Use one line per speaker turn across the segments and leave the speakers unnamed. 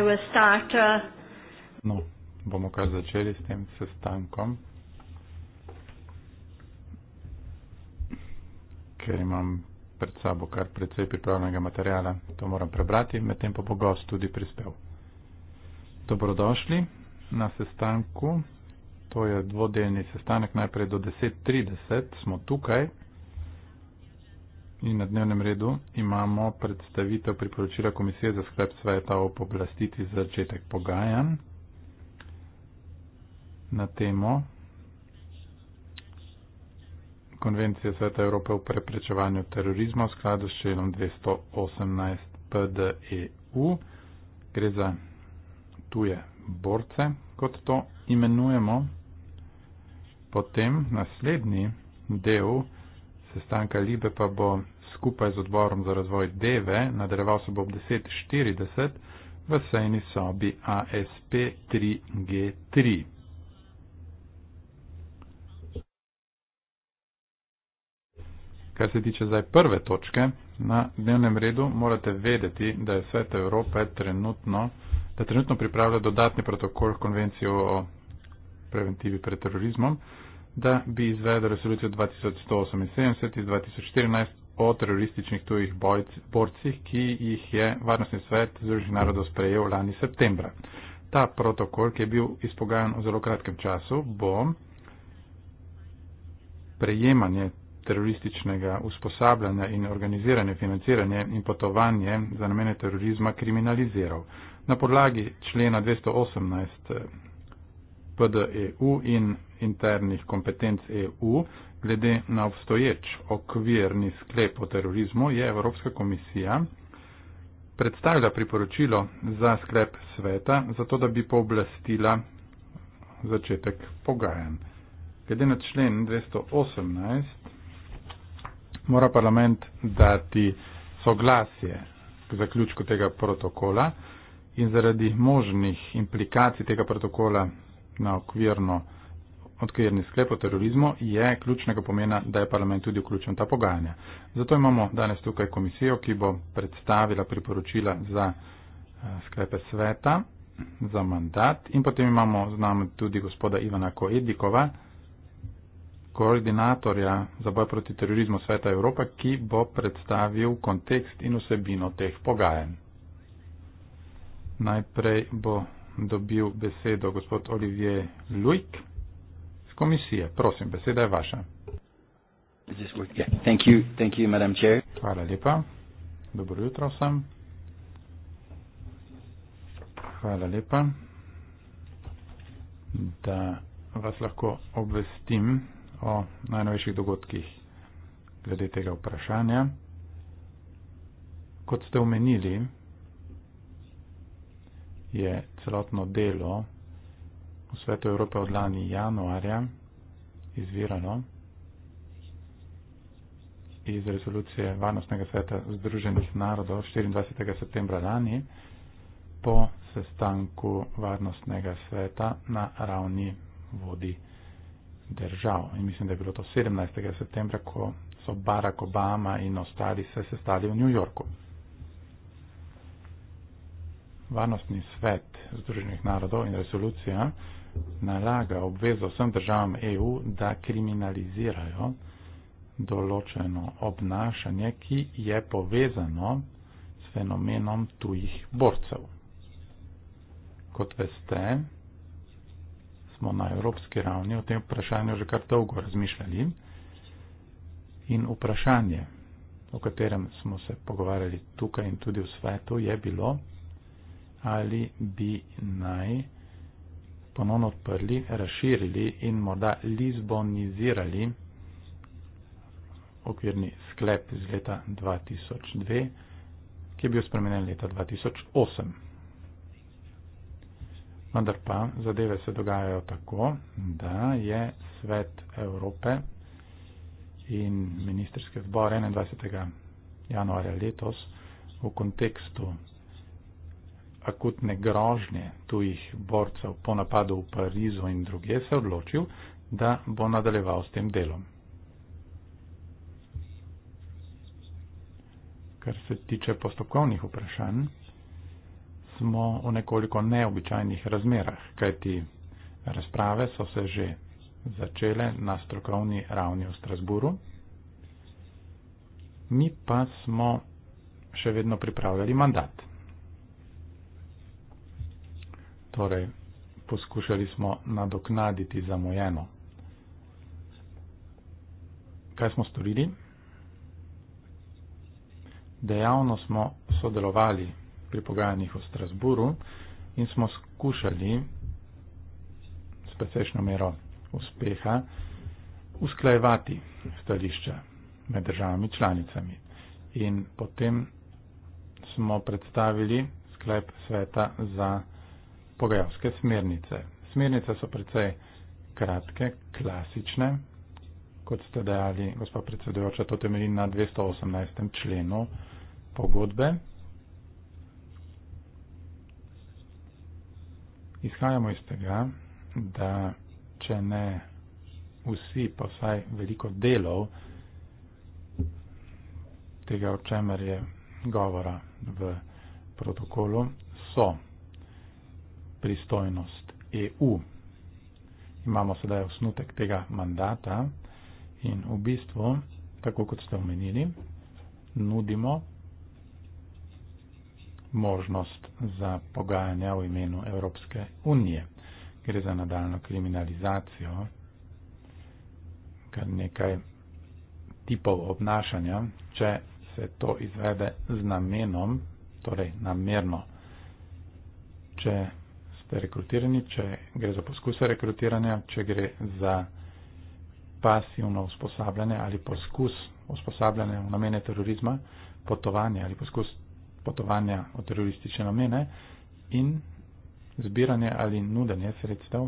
I will start. Uh,
no,
bomo kar začeli s tem sestankom. Ker imam pred sabo kar precej pripravljenega materijala, to moram prebrati, medtem pa bo gost tudi prispel. Dobrodošli na sestanku. To je dvodelni sestanek, najprej do 10.30 smo tukaj in na dnevnem redu imamo predstavitev priporočila Komisije za sklep sveta o poblastiti za začetek pogajan na temo Konvencije sveta Evrope o preprečevanju terorizma v skladu s členom 218 PDEU. Gre za tuje borce, kot to imenujemo. Potem naslednji del sestanka Libe pa bo skupaj z odborom za razvoj Deve nadaljeval se bo ob 10.40 v sejni sobi ASP3G3. Kar se tiče zdaj prve točke, na dnevnem redu morate vedeti, da je Svet Evrope trenutno, da trenutno pripravlja dodatni protokol konvencijo o preventivi pred terorizmom da bi izvedel resolucijo 2178 iz 2014 o terorističnih tujih borcih, ki jih je Varnostni svet Združenih narodov sprejel lani septembra. Ta protokol, ki je bil izpogajan v zelo kratkem času, bo prejemanje terorističnega usposabljanja in organiziranje, financiranje in potovanje za namene terorizma kriminaliziral. Na podlagi člena 218 eh, PDEU in internih kompetenc EU, glede na obstoječ okvirni sklep o terorizmu, je Evropska komisija predstavila priporočilo za sklep sveta, zato da bi pooblastila začetek pogajanj. Glede na člen 218 mora parlament dati soglasje k zaključku tega protokola in zaradi možnih implikacij tega protokola na okvirno odkrijerni sklep o terorizmu je ključnega pomena, da je parlament tudi vključen v ta pogajanja. Zato imamo danes tukaj komisijo, ki bo predstavila priporočila za eh, sklepe sveta, za mandat in potem imamo z nami tudi gospoda Ivana Koedikova, koordinatorja za boj proti terorizmu sveta Evropa, ki bo predstavil kontekst in vsebino teh pogajanj. Najprej bo dobil besedo gospod Olivier Luik komisije. Prosim, beseda je vaša. Thank you, thank you, Hvala lepa. Dobro jutro vsem. Hvala lepa, da vas lahko obvestim o najnovejših dogodkih glede tega vprašanja. Kot ste omenili, je celotno delo v svetu Evrope od lani januarja izviralo iz rezolucije Varnostnega sveta Združenih narodov 24. septembra lani po sestanku Varnostnega sveta na ravni vodi držav. In mislim, da je bilo to 17. septembra, ko so Barack Obama in ostali se sestali v New Yorku. Varnostni svet Združenih narodov in resolucija nalaga obvezo vsem državam EU, da kriminalizirajo določeno obnašanje, ki je povezano s fenomenom tujih borcev. Kot veste, smo na evropski ravni o tem vprašanju že kar dolgo razmišljali in vprašanje, o katerem smo se pogovarjali tukaj in tudi v svetu, je bilo, ali bi naj ponovno odprli, razširili in morda lizbonizirali okvirni sklep iz leta 2002, ki je bil spremenjen leta 2008. Vendar pa zadeve se dogajajo tako, da je svet Evrope in ministerske zbore 21. januarja letos v kontekstu akutne grožnje tujih borcev po napadu v Parizu in druge se odločil, da bo nadaljeval s tem delom. Kar se tiče postopkovnih vprašanj, smo v nekoliko neobičajnih razmerah, kajti razprave so se že začele na strokovni ravni v Strasburu. Mi pa smo še vedno pripravljali mandat. torej poskušali smo nadoknaditi zamojeno. Kaj smo storili? Dejavno smo sodelovali pri pogajanjih v Strasburu in smo skušali s precejšnjo mero uspeha usklajevati stališče med državami članicami. In potem smo predstavili sklep sveta za pogajalske smernice. Smernice so precej kratke, klasične, kot ste dejali, gospod predsedujoča, to temelji na 218. členu pogodbe. Izhajamo iz tega, da če ne vsi, pa vsaj veliko delov tega, o čemer je govora v protokolu, so pristojnost EU. Imamo sedaj osnutek tega mandata in v bistvu, tako kot ste omenili, nudimo možnost za pogajanja v imenu Evropske unije. Gre za nadaljno kriminalizacijo, kar nekaj tipov obnašanja, če se to izvede z namenom, torej namerno, če ste rekrutirani, če gre za poskuse rekrutiranja, če gre za pasivno usposabljanje ali poskus usposabljanja v namene terorizma, potovanje ali poskus potovanja v teroristične namene in zbiranje ali nudanje sredstev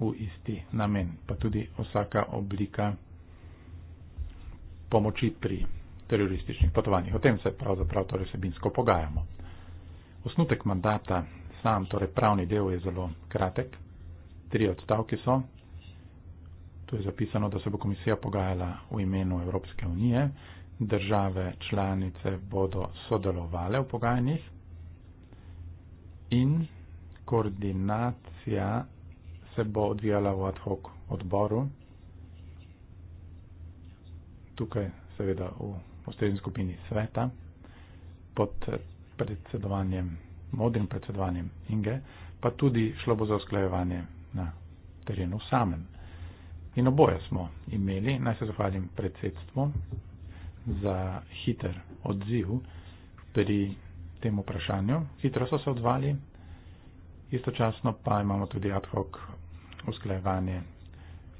v isti namen, pa tudi vsaka oblika pomoči pri terorističnih potovanjih. O tem se pravzaprav torej sebinsko pogajamo. Osnutek mandata, sam torej pravni del, je zelo kratek. Tri odstavke so. Tu je zapisano, da se bo komisija pogajala v imenu Evropske unije. Države članice bodo sodelovale v pogajanjih in koordinacija se bo odvijala v ad hoc odboru. Tukaj seveda v ustrezni skupini sveta pod predsedovanjem, modrim predsedovanjem Inge, pa tudi šlo bo za usklajevanje na terenu samem. In oboje smo imeli, naj se zahvalim predsedstvu za hiter odziv pri tem vprašanju. Hitro so se odvali, istočasno pa imamo tudi ad hoc usklajevanje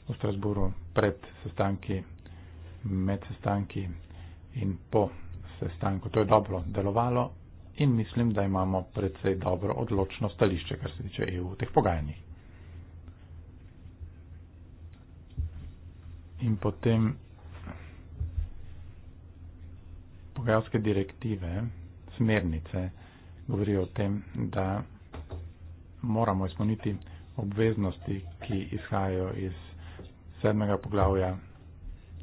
v Strasburu pred sestanki, med sestanki in po sestanku. To je dobro delovalo, in mislim, da imamo predvsej dobro odločno stališče, kar se tiče EU v teh pogajanjih. In potem pogajalske direktive, smernice, govorijo o tem, da moramo izpolniti obveznosti, ki izhajajo iz sedmega poglavja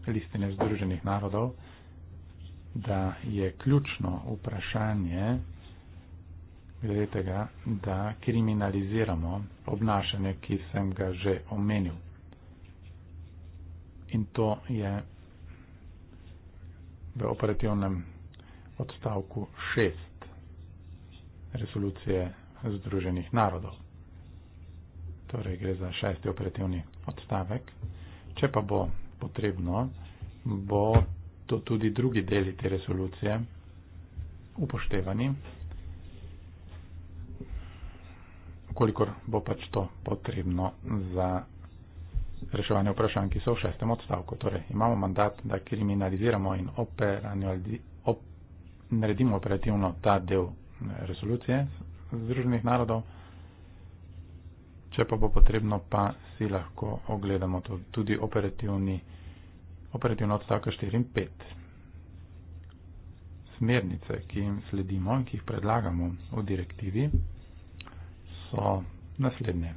listine Združenih narodov, da je ključno vprašanje glede tega, da kriminaliziramo obnašanje, ki sem ga že omenil. In to je v operativnem odstavku 6 resolucije Združenih narodov. Torej gre za šesti operativni odstavek. Če pa bo potrebno, bo to tudi drugi deli te resolucije upoštevani. kolikor bo pač to potrebno za reševanje vprašanj, ki so v šestem odstavku. Torej, imamo mandat, da kriminaliziramo in op, naredimo operativno ta del eh, resolucije Združenih narodov. Če pa bo potrebno, pa si lahko ogledamo to, tudi operativni, operativno odstavka 4 in 5. Smernice, ki jim sledimo in ki jih predlagamo v direktivi, so naslednje.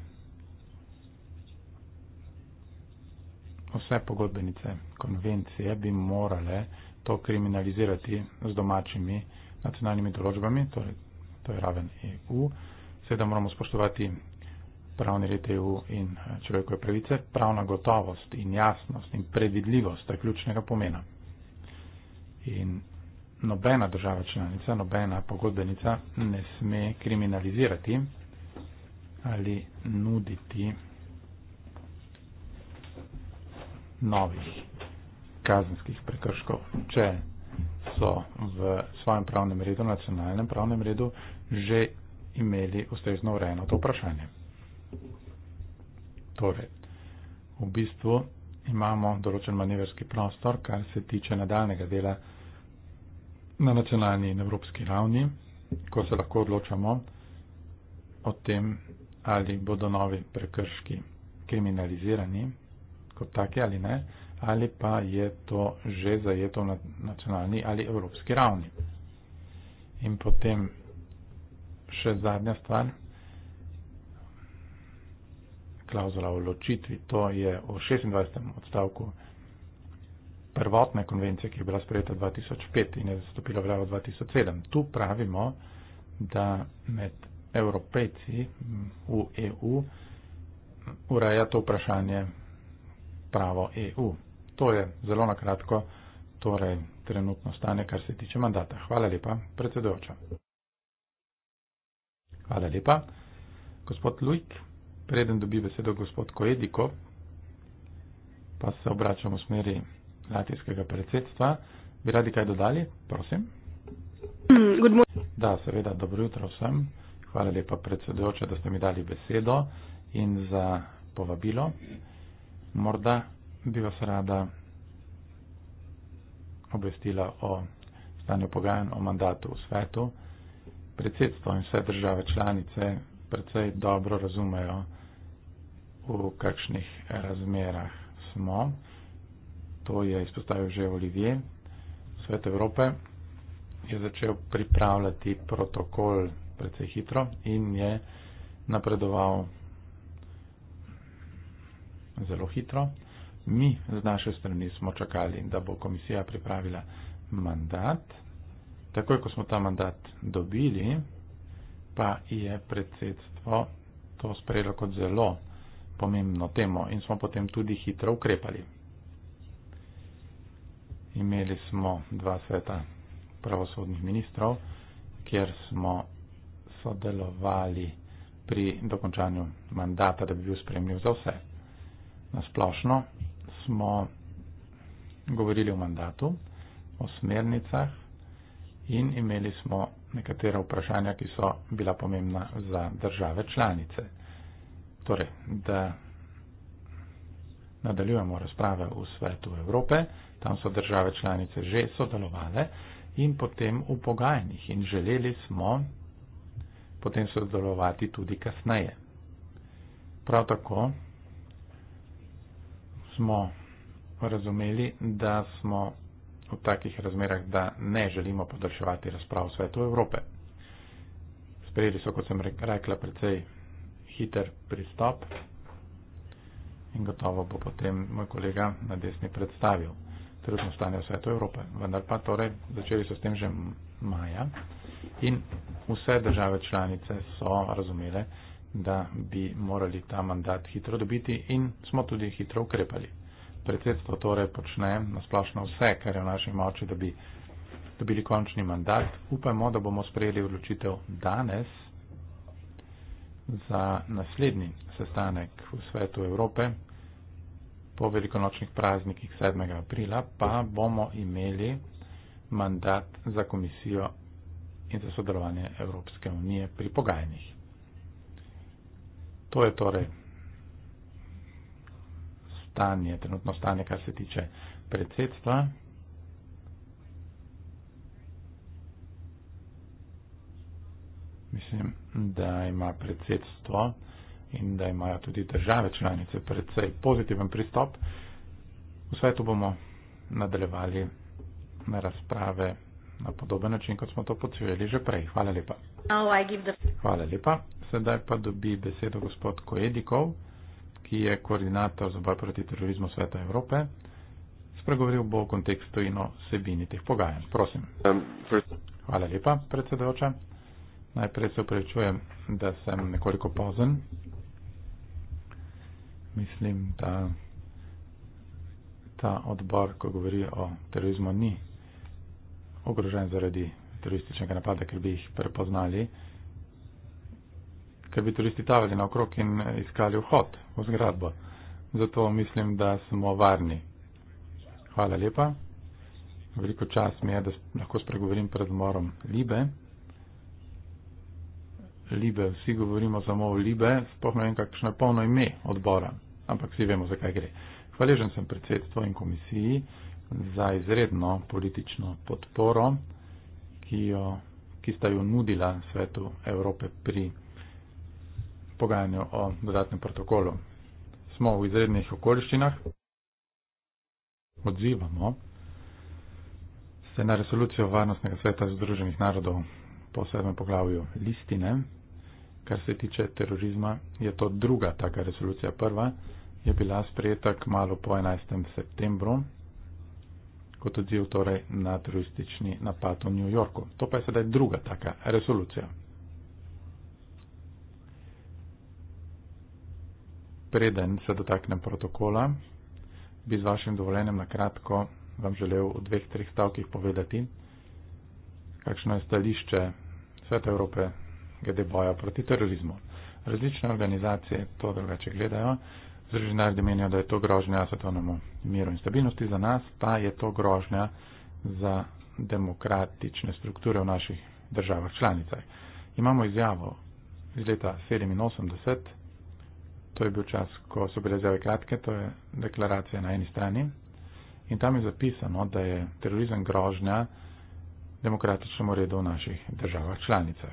Vse pogodbenice konvencije bi morale to kriminalizirati z domačimi nacionalnimi določbami, torej to je raven EU, seveda moramo spoštovati pravni red EU in eh, človekove pravice, pravna gotovost in jasnost in predvidljivost je ključnega pomena. In nobena država članica, nobena pogodbenica ne sme kriminalizirati ali nuditi novih kazenskih prekrškov, če so v svojem pravnem redu, nacionalnem pravnem redu, že imeli ustrezno urejeno to vprašanje. Torej, v bistvu imamo določen manevrski prostor, kar se tiče nadaljnega dela na nacionalni in evropski ravni, ko se lahko odločamo o tem, ali bodo novi prekrški kriminalizirani kot take ali ne, ali pa je to že zajeto na nacionalni ali evropski ravni. In potem še zadnja stvar, klauzula o ločitvi, to je v 26. odstavku prvotne konvencije, ki je bila sprejeta 2005 in je zastopila v 2007. Tu pravimo, da med evropejci mm, v EU ureja to vprašanje pravo EU. To je zelo na kratko torej trenutno stanje, kar se tiče mandata. Hvala lepa, predsedujoča. Hvala lepa. Gospod Lujk, preden dobi besedo gospod Koediko, pa se obračamo v smeri latijskega predsedstva. Bi radi kaj dodali? Prosim. Mm, da, seveda, dobro jutro vsem. Hvala lepa predsedujoča, da ste mi dali besedo in za povabilo. Morda bi vas rada obvestila o stanju pogajan o mandatu v svetu. Predsedstvo in vse države članice predvsej dobro razumejo, v kakšnih razmerah smo. To je izpostavil že Olivier. Svet Evrope je začel pripravljati protokol precej hitro in je napredoval zelo hitro. Mi z naše strani smo čakali, da bo komisija pripravila mandat. Takoj, ko smo ta mandat dobili, pa je predsedstvo to sprejelo kot zelo pomembno temo in smo potem tudi hitro ukrepali. Imeli smo dva sveta pravosodnih ministrov, kjer smo sodelovali pri dokončanju mandata, da bi bil spremljiv za vse. Na splošno smo govorili o mandatu, o smernicah in imeli smo nekatera vprašanja, ki so bila pomembna za države članice. Torej, da nadaljujemo razprave v svetu Evrope, tam so države članice že sodelovale in potem v pogajanjih in želeli smo potem sodelovati tudi kasneje. Prav tako smo razumeli, da smo v takih razmerah, da ne želimo podaljševati razprav v svetu Evrope. Sprejeli so, kot sem rekla, precej hiter pristop in gotovo bo potem moj kolega na desni predstavil trenutno stanje v svetu Evrope. Vendar pa torej začeli so s tem že maja In vse države članice so razumele, da bi morali ta mandat hitro dobiti in smo tudi hitro ukrepali. Predsedstvo torej počne nasplošno vse, kar je v naši moči, da bi dobili končni mandat. Upamo, da bomo sprejeli odločitev danes za naslednji sestanek v svetu Evrope. Po velikonočnih praznikih 7. aprila pa bomo imeli mandat za komisijo in za sodelovanje Evropske unije pri pogajanjih. To je torej stanje, trenutno stanje, kar se tiče predsedstva. Mislim, da ima predsedstvo in da imajo tudi države članice predvsej pozitiven pristop. V svetu bomo nadaljevali na razprave na podoben način, kot smo to počeli že prej. Hvala lepa. Hvala lepa. Sedaj pa dobi besedo gospod Koedikov, ki je koordinator za boj proti terorizmu Sveta Evrope. Spregovoril bo o kontekstu in o sebini teh pogajanj. Prosim. Um, Hvala lepa, predsedujoča. Najprej se upravičujem, da sem nekoliko pozen. Mislim, da ta odbor, ko govori o terorizmu, ni ogrožen zaradi turističnega napada, ker bi jih prepoznali, ker bi turisti tavali naokrog in eh, iskali vhod v zgradbo. Zato mislim, da smo varni. Hvala lepa. Veliko čas mi je, da lahko spregovorim pred morom Libe. Libe, vsi govorimo samo o Libe, sploh ne vem, kakšno je polno ime odbora, ampak vsi vemo, zakaj gre. Hvaležen sem predsedstvo in komisiji za izredno politično podporo, ki, jo, ki sta jo nudila svetu Evrope pri pogajanju o dodatnem protokolu. Smo v izrednih okoliščinah, odzivamo se na resolucijo Varnostnega sveta Združenih narodov po sedmem poglavju listine. Kar se tiče terorizma, je to druga taka resolucija. Prva je bila sprejeta k malo po 11. septembru kot odziv torej na teroristični napad v New Yorku. To pa je sedaj druga taka resolucija. Preden se dotaknem protokola, bi z vašim dovoljenjem na kratko vam želel v dveh, treh stavkih povedati, kakšno je stališče Sveta Evrope glede boja proti terorizmu. Različne organizacije to drugače gledajo. Združeni narodi menijo, da je to grožnja svetovnemu miru in stabilnosti, za nas pa je to grožnja za demokratične strukture v naših državah članicah. Imamo izjavo iz leta 87, to je bil čas, ko so bile izjave kratke, to je deklaracija na eni strani in tam je zapisano, da je terorizem grožnja demokratičnemu redu v naših državah članicah.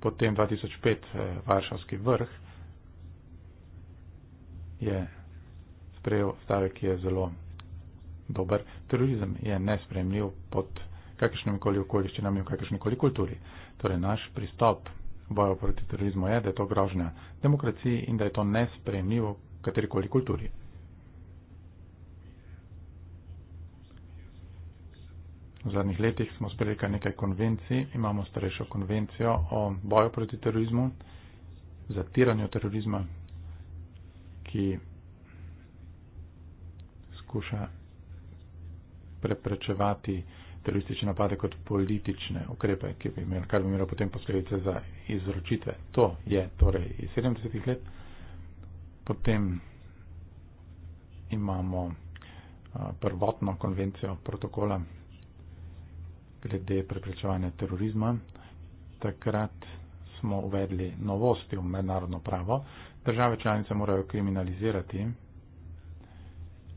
Potem 2005 eh, Varšavski vrh je sprejel stavek, ki je zelo dober. Terorizem je nespremljiv pod kakršnim koli okoliščinam in v kakršni koli kulturi. Torej, naš pristop boja proti terorizmu je, da je to grožnja demokraciji in da je to nespremljivo katerikoli kulturi. V zadnjih letih smo sprejeli kar nekaj konvencij, imamo starejšo konvencijo o boju proti terorizmu, zatiranju terorizma, ki skuša preprečevati teroristične napade kot politične ukrepe, bi imel, kar bi imelo potem posledice za izročitve. To je torej iz 70-ih let. Potem imamo prvotno konvencijo protokola glede preprečevanja terorizma. Takrat smo uvedli novosti v mednarodno pravo, države članice morajo kriminalizirati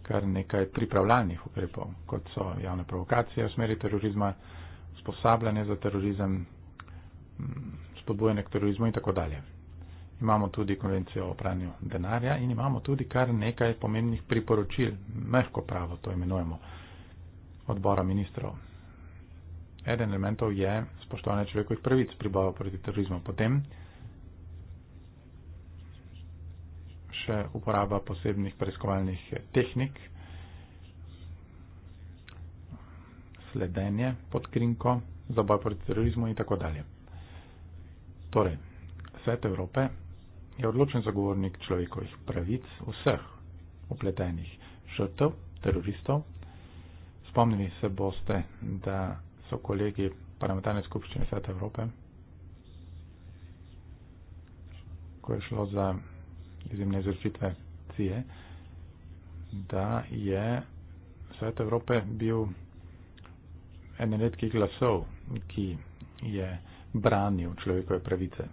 kar nekaj pripravljalnih ukrepov, kot so javne provokacije v smeri terorizma, usposabljanje za terorizem, mm, spodbujanje k terorizmu in tako dalje. Imamo tudi konvencijo o pranju denarja in imamo tudi kar nekaj pomembnih priporočil, mehko pravo to imenujemo, odbora ministrov. Eden elementov je spoštovanje človekovih pravic pri boju proti terorizmu. Potem še uporaba posebnih preiskovalnih tehnik, sledenje pod krinko za boj proti terorizmu in tako dalje. Torej, Svet Evrope je odločen zagovornik človekovih pravic vseh opletenih žrtev, teroristov. Spomnili se boste, da so kolegi parlamentarne skupščine Sveta Evrope, ko je šlo za izjemne izvršitve cije, da je Svet Evrope bil eden redkih glasov, ki je branil človekove pravice.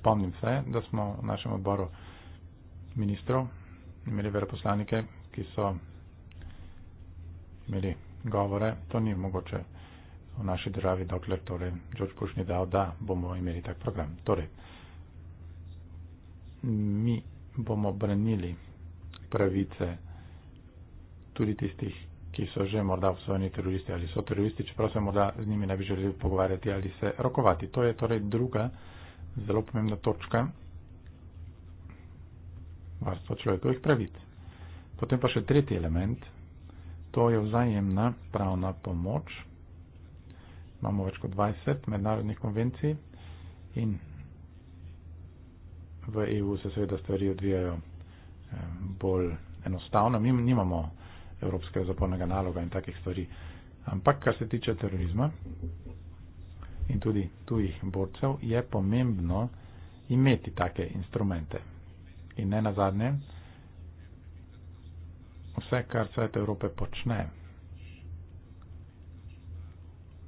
Spomnim se, da smo v našem odboru ministrov imeli veroposlanike, ki so imeli govore, to ni mogoče v naši državi, dokler torej George Bush ni dal, da bomo imeli tak program. Torej, mi bomo branili pravice tudi tistih, ki so že morda obsojeni teroristi ali so teroristi, čeprav se morda z njimi ne bi želeli pogovarjati ali se rokovati. To je torej druga zelo pomembna točka varstva človekovih pravic. Potem pa še tretji element, to je vzajemna pravna pomoč. Imamo več kot 20 mednarodnih konvencij in v EU se seveda stvari odvijajo eh, bolj enostavno. Mi nimamo evropskega zapornega naloga in takih stvari. Ampak, kar se tiče terorizma in tudi tujih borcev, je pomembno imeti take instrumente. In ne nazadnje, vse, kar svet Evrope počne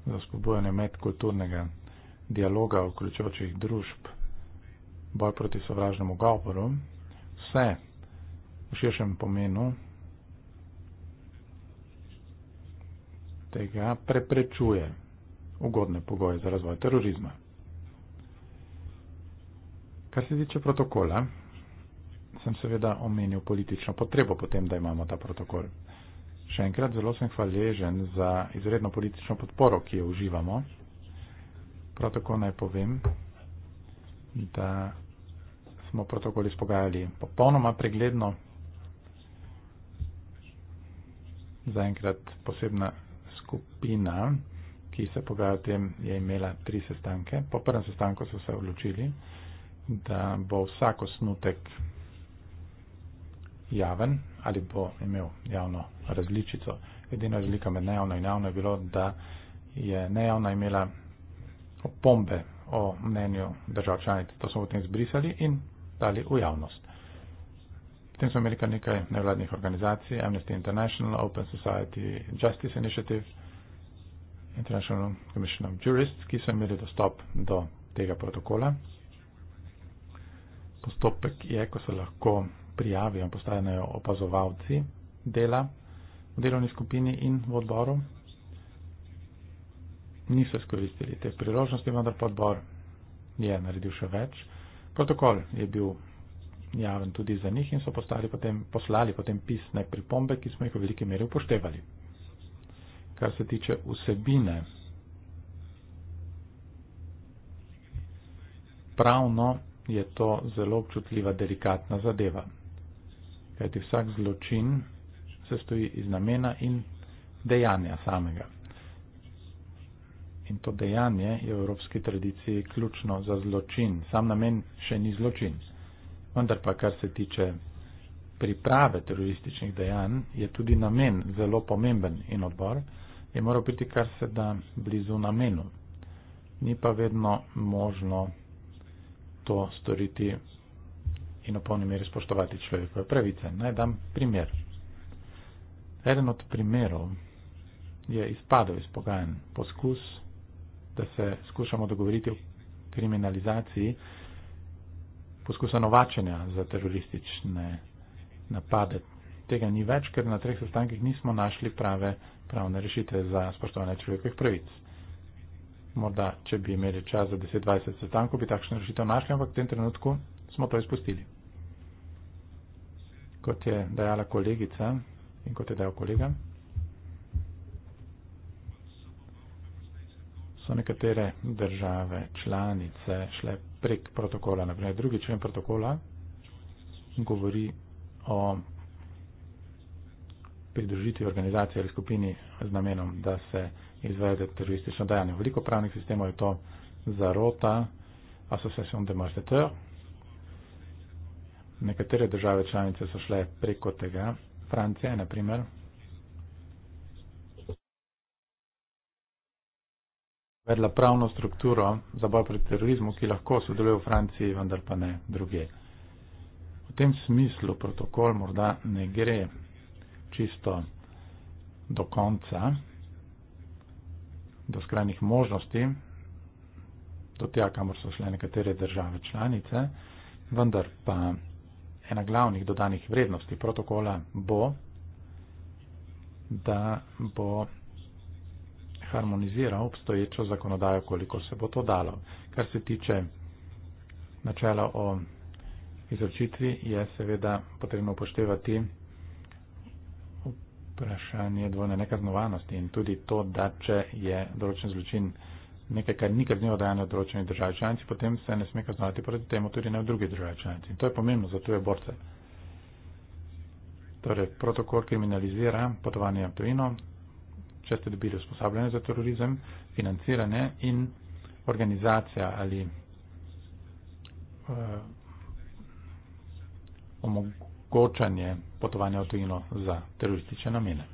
za spodbojanje medkulturnega dialoga, vključujočih družb, boj proti sovražnemu govoru, vse v širšem pomenu tega preprečuje ugodne pogoje za razvoj terorizma. Kar se tiče protokola, sem seveda omenil politično potrebo potem, da imamo ta protokol. Še enkrat zelo sem hvaležen za izredno politično podporo, ki jo uživamo. Prav tako naj povem, da smo protokol izpogajali popolnoma pregledno. Zaenkrat posebna skupina, ki se pogaja o tem, je imela tri sestanke. Po prvem sestanku so se odločili, da bo vsak osnutek javen ali bo imel javno različico. Edina razlika med nejavno in javno je bilo, da je nejavna imela opombe o mnenju držav članic. To smo potem izbrisali in dali v javnost. Potem smo imeli kar nekaj nevladnih organizacij, Amnesty International, Open Society Justice Initiative, International Commission of Jurists, ki so imeli dostop do tega protokola. Postopek je, ko se lahko prijavijo in postanejo opazovalci dela v delovni skupini in v odboru. Niso izkoristili te priložnosti, vendar pa odbor je naredil še več protokol je bil javen tudi za njih in so postali potem, poslali potem pisne pripombe, ki smo jih v veliki meri upoštevali. Kar se tiče vsebine, pravno je to zelo občutljiva, delikatna zadeva. Kajti vsak zločin sestoji iz namena in dejanja samega in to dejanje je v evropski tradiciji ključno za zločin. Sam namen še ni zločin. Vendar pa, kar se tiče priprave terorističnih dejanj, je tudi namen zelo pomemben in odbor je moral biti kar se da blizu namenu. Ni pa vedno možno to storiti in v polni meri spoštovati človekove pravice. Naj dam primer. Eden od primerov je izpadel iz pogajanj poskus da se skušamo dogovoriti o kriminalizaciji poskusa novačenja za teroristične napade. Tega ni več, ker na treh sestankih nismo našli prave pravne rešite za spoštovanje človekovih pravic. Morda, če bi imeli čas za 10-20 sestankov, bi takšno rešitev našli, ampak v tem trenutku smo to izpustili. Kot je dejala kolegica in kot je dejal kolega, so nekatere države članice šle prek protokola. Naprej, drugi člen protokola govori o pridružiti organizacije ali skupini z namenom, da se izvede teroristično dajanje. Veliko pravnih sistemov je to zarota, Association de Marseteur. Nekatere države članice so šle preko tega. Francija je, na primer, uvedla pravno strukturo za boj proti terorizmu, ki lahko sodeluje v Franciji, vendar pa ne druge. V tem smislu protokol morda ne gre čisto do konca, do skrajnih možnosti, do tega, kamor so šle nekatere države članice, vendar pa ena glavnih dodanih vrednosti protokola bo, da bo harmonizira obstoječo zakonodajo, koliko se bo to dalo. Kar se tiče načela o izročitvi, je seveda potrebno upoštevati vprašanje dvojne nekaznovanosti in tudi to, da če je določen zločin nekaj, kar ni kaznivo dejanje v določeni državi članici, potem se ne sme kaznovati proti temu tudi ne v drugi državi članici. In to je pomembno za tuje borce. Torej, protokol kriminalizira potovanje v tujino, če ste dobili usposabljanje za terorizem, financiranje in organizacija ali uh, omogočanje potovanja v tujino za teroristične namene.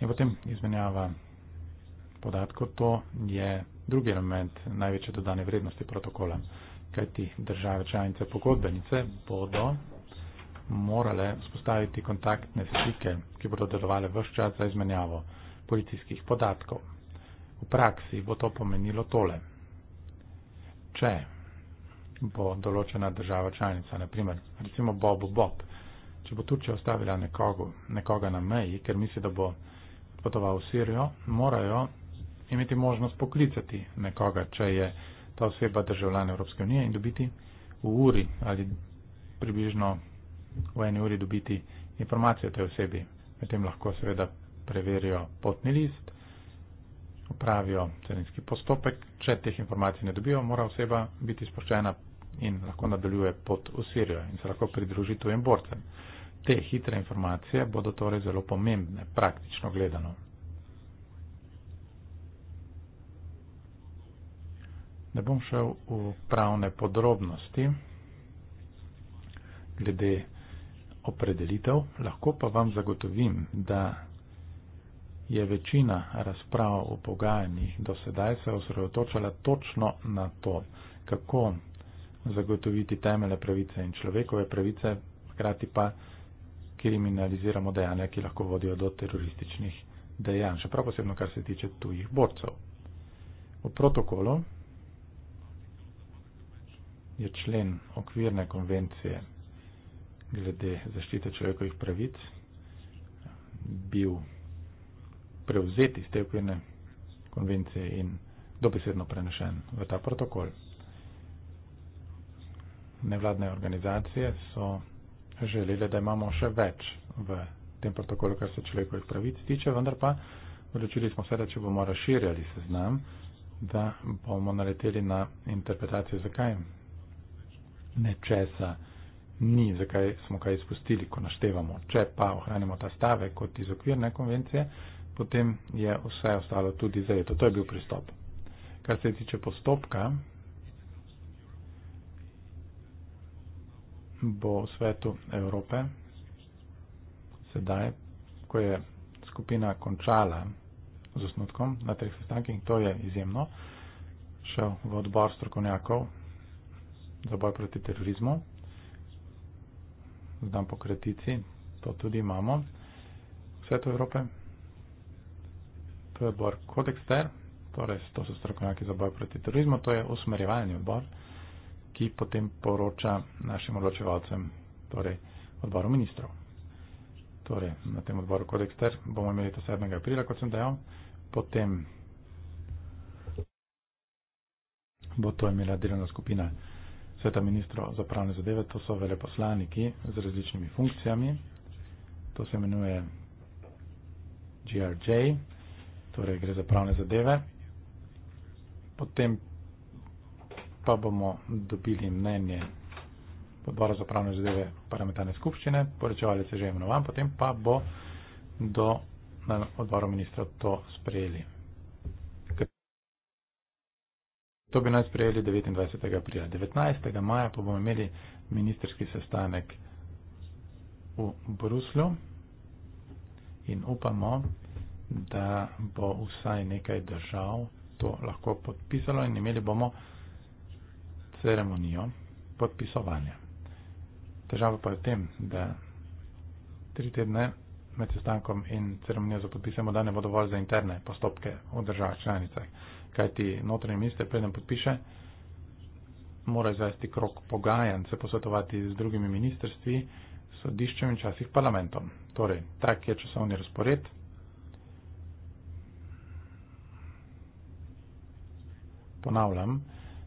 In potem izmenjava podatkov, to je drugi element največje dodane vrednosti protokola, kajti države članice pogodbenice bodo morale vzpostaviti kontaktne stike, ki bodo delovale vse čas za izmenjavo uh, policijskih podatkov. V praksi bo to pomenilo tole. Če bo določena država članica, naprimer, recimo Bobu Bob, če bo Turčija ostavila nekogo, nekoga na meji, ker misli, da bo odpotoval v Sirijo, morajo imeti možnost poklicati nekoga, če je ta oseba državljan Evropske unije in dobiti v uri ali približno v eni uri dobiti informacijo o tej osebi. Medtem lahko seveda preverijo potni list, upravijo carinski postopek. Če teh informacij ne dobijo, mora oseba biti spoščena in lahko nadaljuje pot v Sirijo in se lahko pridruži tujim borcem. Te hitre informacije bodo torej zelo pomembne, praktično gledano. Ne bom šel v pravne podrobnosti glede opredelitev, lahko pa vam zagotovim, da je večina razprav v pogajanjih do sedaj se osredotočala točno na to, kako zagotoviti temele pravice in človekove pravice, hkrati pa kriminaliziramo dejanja, ki lahko vodijo do terorističnih dejanj, še prav posebno, kar se tiče tujih borcev. V protokolu je člen okvirne konvencije glede zaščite človekovih pravic bil prevzet iz te okvirne konvencije in dobesedno prenešen v ta protokol. Nevladne organizacije so želele, da imamo še več v tem protokolu, kar se človekovih pravic tiče, vendar pa odločili smo se, da če bomo razširjali seznam, da bomo naleteli na interpretacijo, zakaj nečesa ni, zakaj smo kaj izpustili, ko naštevamo. Če pa ohranimo ta stave kot iz okvirne konvencije, potem je vse ostalo tudi zajeto. To je bil pristop. Kar se tiče postopka, bo v svetu Evrope sedaj, ko je skupina končala z osnutkom na teh sestankih, to je izjemno, šel v odbor strokovnjakov za boj proti terorizmu, znam po kratici, to tudi imamo, svetu Evrope to je odbor Kodekster, torej to so strokovnjaki za boj proti terorizmu, to je usmerjevalni odbor, ki potem poroča našim odločevalcem, torej odboru ministrov. Torej, na tem odboru Kodekster bomo imeli to 7. aprila, kot sem dejal, potem bo to imela delovna skupina sveta ministrov za pravne zadeve, to so veleposlaniki z različnimi funkcijami, to se imenuje GRJ, torej gre za pravne zadeve. Potem pa bomo dobili mnenje podbora za pravne zadeve parlamentarne skupščine, poročevali se že imenovan, potem pa bo do odboru ministra to sprejeli. To bi naj sprejeli 29. aprila. 19. maja pa bomo imeli ministerski sestanek v Bruslju in upamo, da bo vsaj nekaj držav to lahko podpisalo in imeli bomo ceremonijo podpisovanja. Težava pa je v tem, da tri tedne med sestankom in ceremonijo za podpisemo, da ne bo dovolj za interne postopke v državah članicah. Kaj ti notranji minister preden podpiše, mora izvesti krok pogajanj, se posvetovati z drugimi ministrstvi, sodiščem in časih parlamentom. Torej, tak je časovni razpored. ponavljam,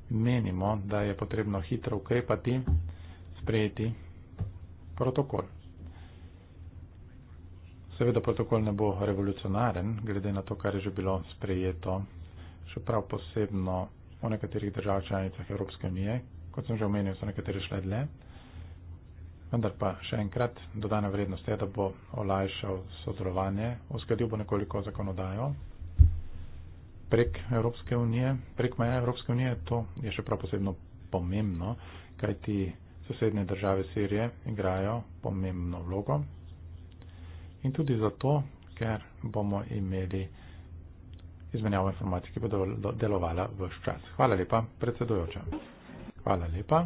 menimo, da je potrebno hitro ukrepati, sprejeti protokol. Seveda protokol ne bo revolucionaren, glede na to, kar je že bilo sprejeto, še prav posebno v nekaterih držav članicah Evropske unije, kot sem že omenil, so nekatere šle dlje. Vendar pa še enkrat, dodana vrednost je, da bo olajšal sodelovanje, uskladil bo nekoliko zakonodajo, prek Evropske unije, prek meja Evropske unije, to je še prav posebno pomembno, kaj ti sosednje države Sirije igrajo pomembno vlogo. In tudi zato, ker bomo imeli izmenjavo informacij, ki bo delovala v čas. Hvala lepa, predsedujoča. Hvala lepa.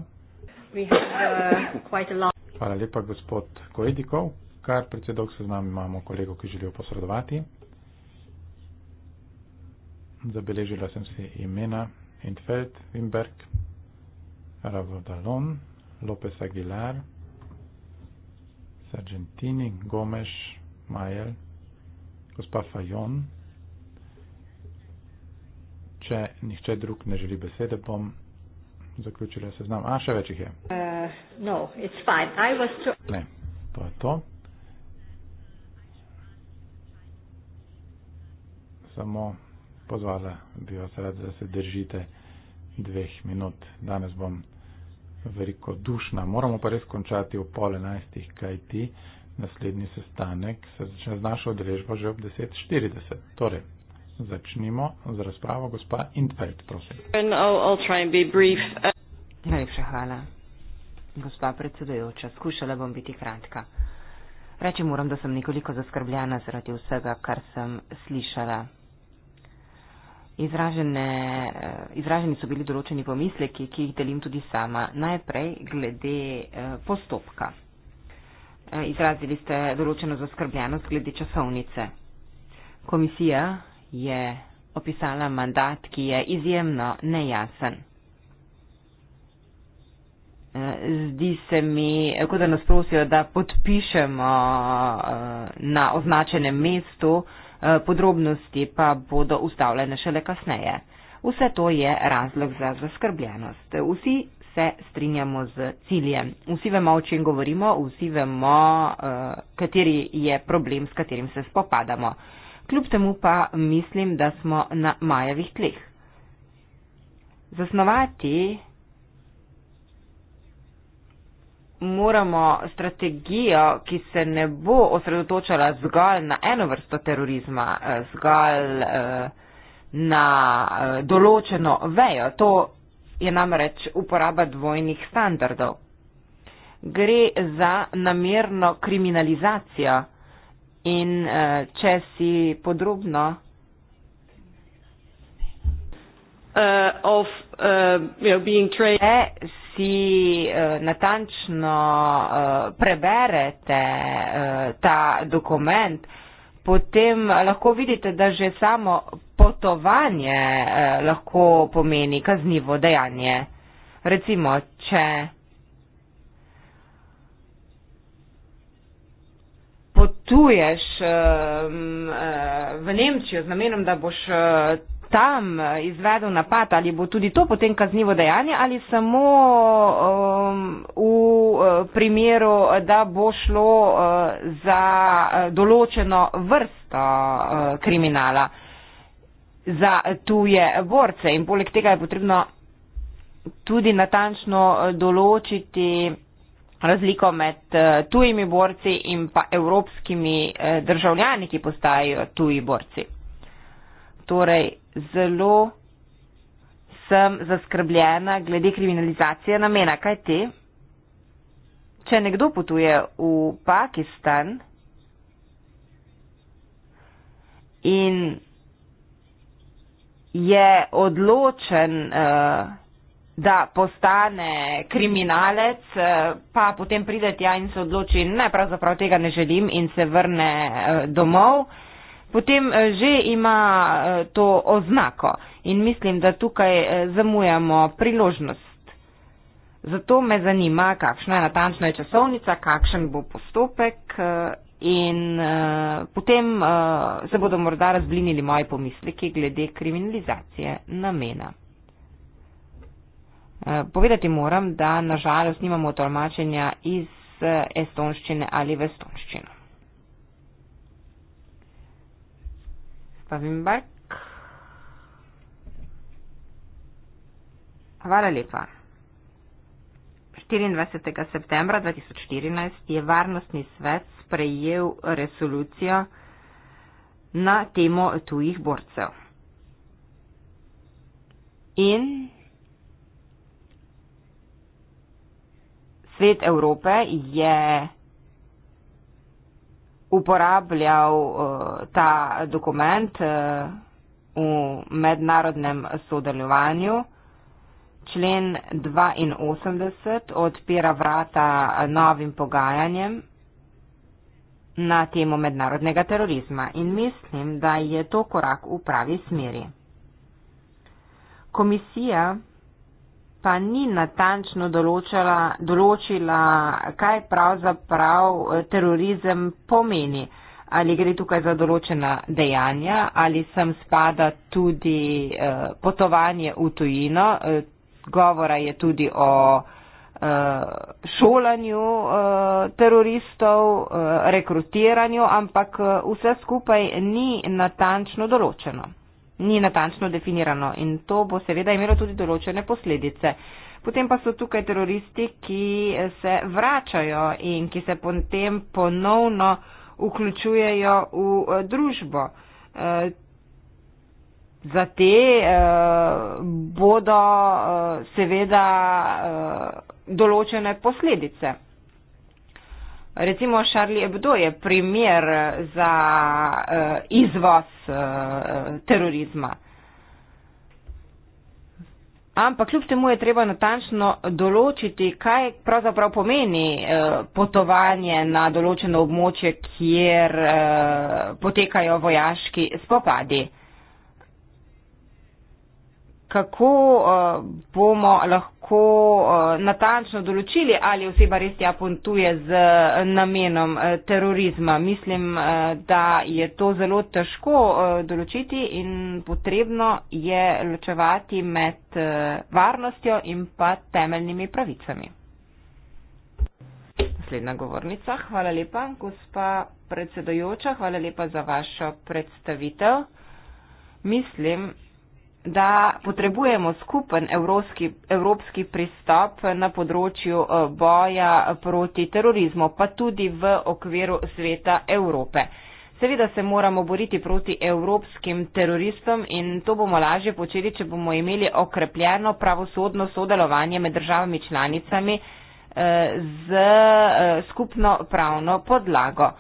Uh,
Hvala lepa, gospod Koedikov. Kar predsedok se z nami imamo kolego, ki želijo posredovati zabeležila sem si imena Entfeld, Wimberg, Ravodalon, Lopez Aguilar, Sargentini, Gomes, Majel, gospa Fajon. Če nihče drug ne želi besede, bom zaključila seznam. A, še več jih je.
Uh, no,
to je to. Samo pozvala bi vas rad, da se držite dveh minut. Danes bom veliko dušna. Moramo pa res končati v pol enajstih, kaj ti naslednji sestanek se začne z našo odrežbo že ob 10.40. Torej, začnimo z razpravo gospa Intfeld, prosim.
Najlepša hvala, gospa predsedujoča. Skušala bom biti kratka. Reči moram, da sem nekoliko zaskrbljena zaradi vsega, kar sem slišala Izražene, eh, izraženi so bili določeni pomisleki, ki jih delim tudi sama. Najprej glede eh, postopka. Eh, izrazili ste določeno zaskrbljenost glede časovnice. Komisija je opisala mandat, ki je izjemno nejasen. Zdi se mi, kot da nas prosijo, da podpišemo na označenem mestu, Eh, podrobnosti pa bodo ustavljene šele kasneje. Vse to je razlog za zaskrbljenost. Vsi se strinjamo z ciljem. Vsi vemo, o čem govorimo, vsi vemo, eh, kateri je problem, s katerim se spopadamo. Kljub temu pa mislim, da smo na majavih tleh. Zasnovati moramo strategijo, ki se ne bo osredotočala zgolj na eno vrsto terorizma, eh, zgolj eh, na eh, določeno vejo. To je namreč uporaba dvojnih standardov. Gre za namerno kriminalizacijo in če si podrobno. Uh, of, uh, you know, being trained si eh, natančno eh, preberete eh, ta dokument, potem lahko vidite, da že samo potovanje lahko pomeni kaznivo dejanje. Recimo, če potuješ v Nemčijo z namenom, da boš tam eh, izvedel napad, ali bo tudi to potem kaznivo dejanje ali samo um, v eh, primeru, da bo šlo uh, za določeno vrsto uh, kriminala za tuje borce. In poleg tega je potrebno tudi natančno določiti razliko med tujimi borci in pa evropskimi državljani, ki postajajo tuji borci torej zelo sem zaskrbljena glede kriminalizacije namena. Kaj ti? Če nekdo potuje v Pakistan in je odločen, eh, da postane kriminalec, eh, pa potem pride tja in se odloči, ne, pravzaprav tega ne želim in se vrne eh, domov, potem eh, že ima eh, to oznako in mislim, da tukaj eh, zamujamo priložnost. Zato me zanima, kakšna je natančna časovnica, kakšen bo postopek in potem se bodo morda razblinili moji pomisleki glede kriminalizacije namena. Povedati moram, da nažalost nimamo tolmačenja iz estonščine ali v estonščino. stavim back. Hvala lepa. 24. septembra 2014 je Varnostni svet sprejel resolucijo na temo tujih borcev. In svet Evrope je uporabljal uh, ta dokument uh, v mednarodnem sodelovanju. Člen 82 odpira vrata novim pogajanjem na temo mednarodnega terorizma in mislim, da je to korak v pravi smeri. Komisija pa ni natančno določala, določila, kaj pravzaprav eh, terorizem pomeni. Ali gre tukaj za določena dejanja, ali sem spada tudi eh, potovanje v tujino. Eh, govora je tudi o eh, šolanju eh, teroristov, eh, rekrutiranju, ampak eh, vse skupaj ni natančno določeno ni natančno definirano in to bo seveda imelo tudi določene posledice. Potem pa so tukaj teroristi, ki se vračajo in ki se potem ponovno vključujejo v eh, družbo. Eh, za te eh, bodo seveda določene posledice. Recimo Charlie Hebdo je primer za uh, izvoz uh, terorizma. Ampak kljub temu je treba natančno določiti, kaj pravzaprav pomeni uh, potovanje na določeno območje, kjer uh, potekajo vojaški spopadi kako uh, bomo lahko uh, natančno določili, ali oseba res tja pontuje z eh, namenom uh, terorizma. Mislim, uh, da je to zelo težko uh, določiti in potrebno je ločevati med uh, varnostjo in pa temeljnimi pravicami. Naslednja govornica. Hvala lepa, gospa predsedojoča. Hvala lepa za vašo predstavitev. Mislim, da potrebujemo skupen evropski, evropski pristop na področju eh, boja proti terorizmu, pa tudi v okviru sveta Evrope. Seveda se moramo boriti proti evropskim teroristom in to bomo lažje počeli, če bomo imeli okrepljeno pravosodno sodelovanje med državami članicami eh, z eh, skupno pravno podlago.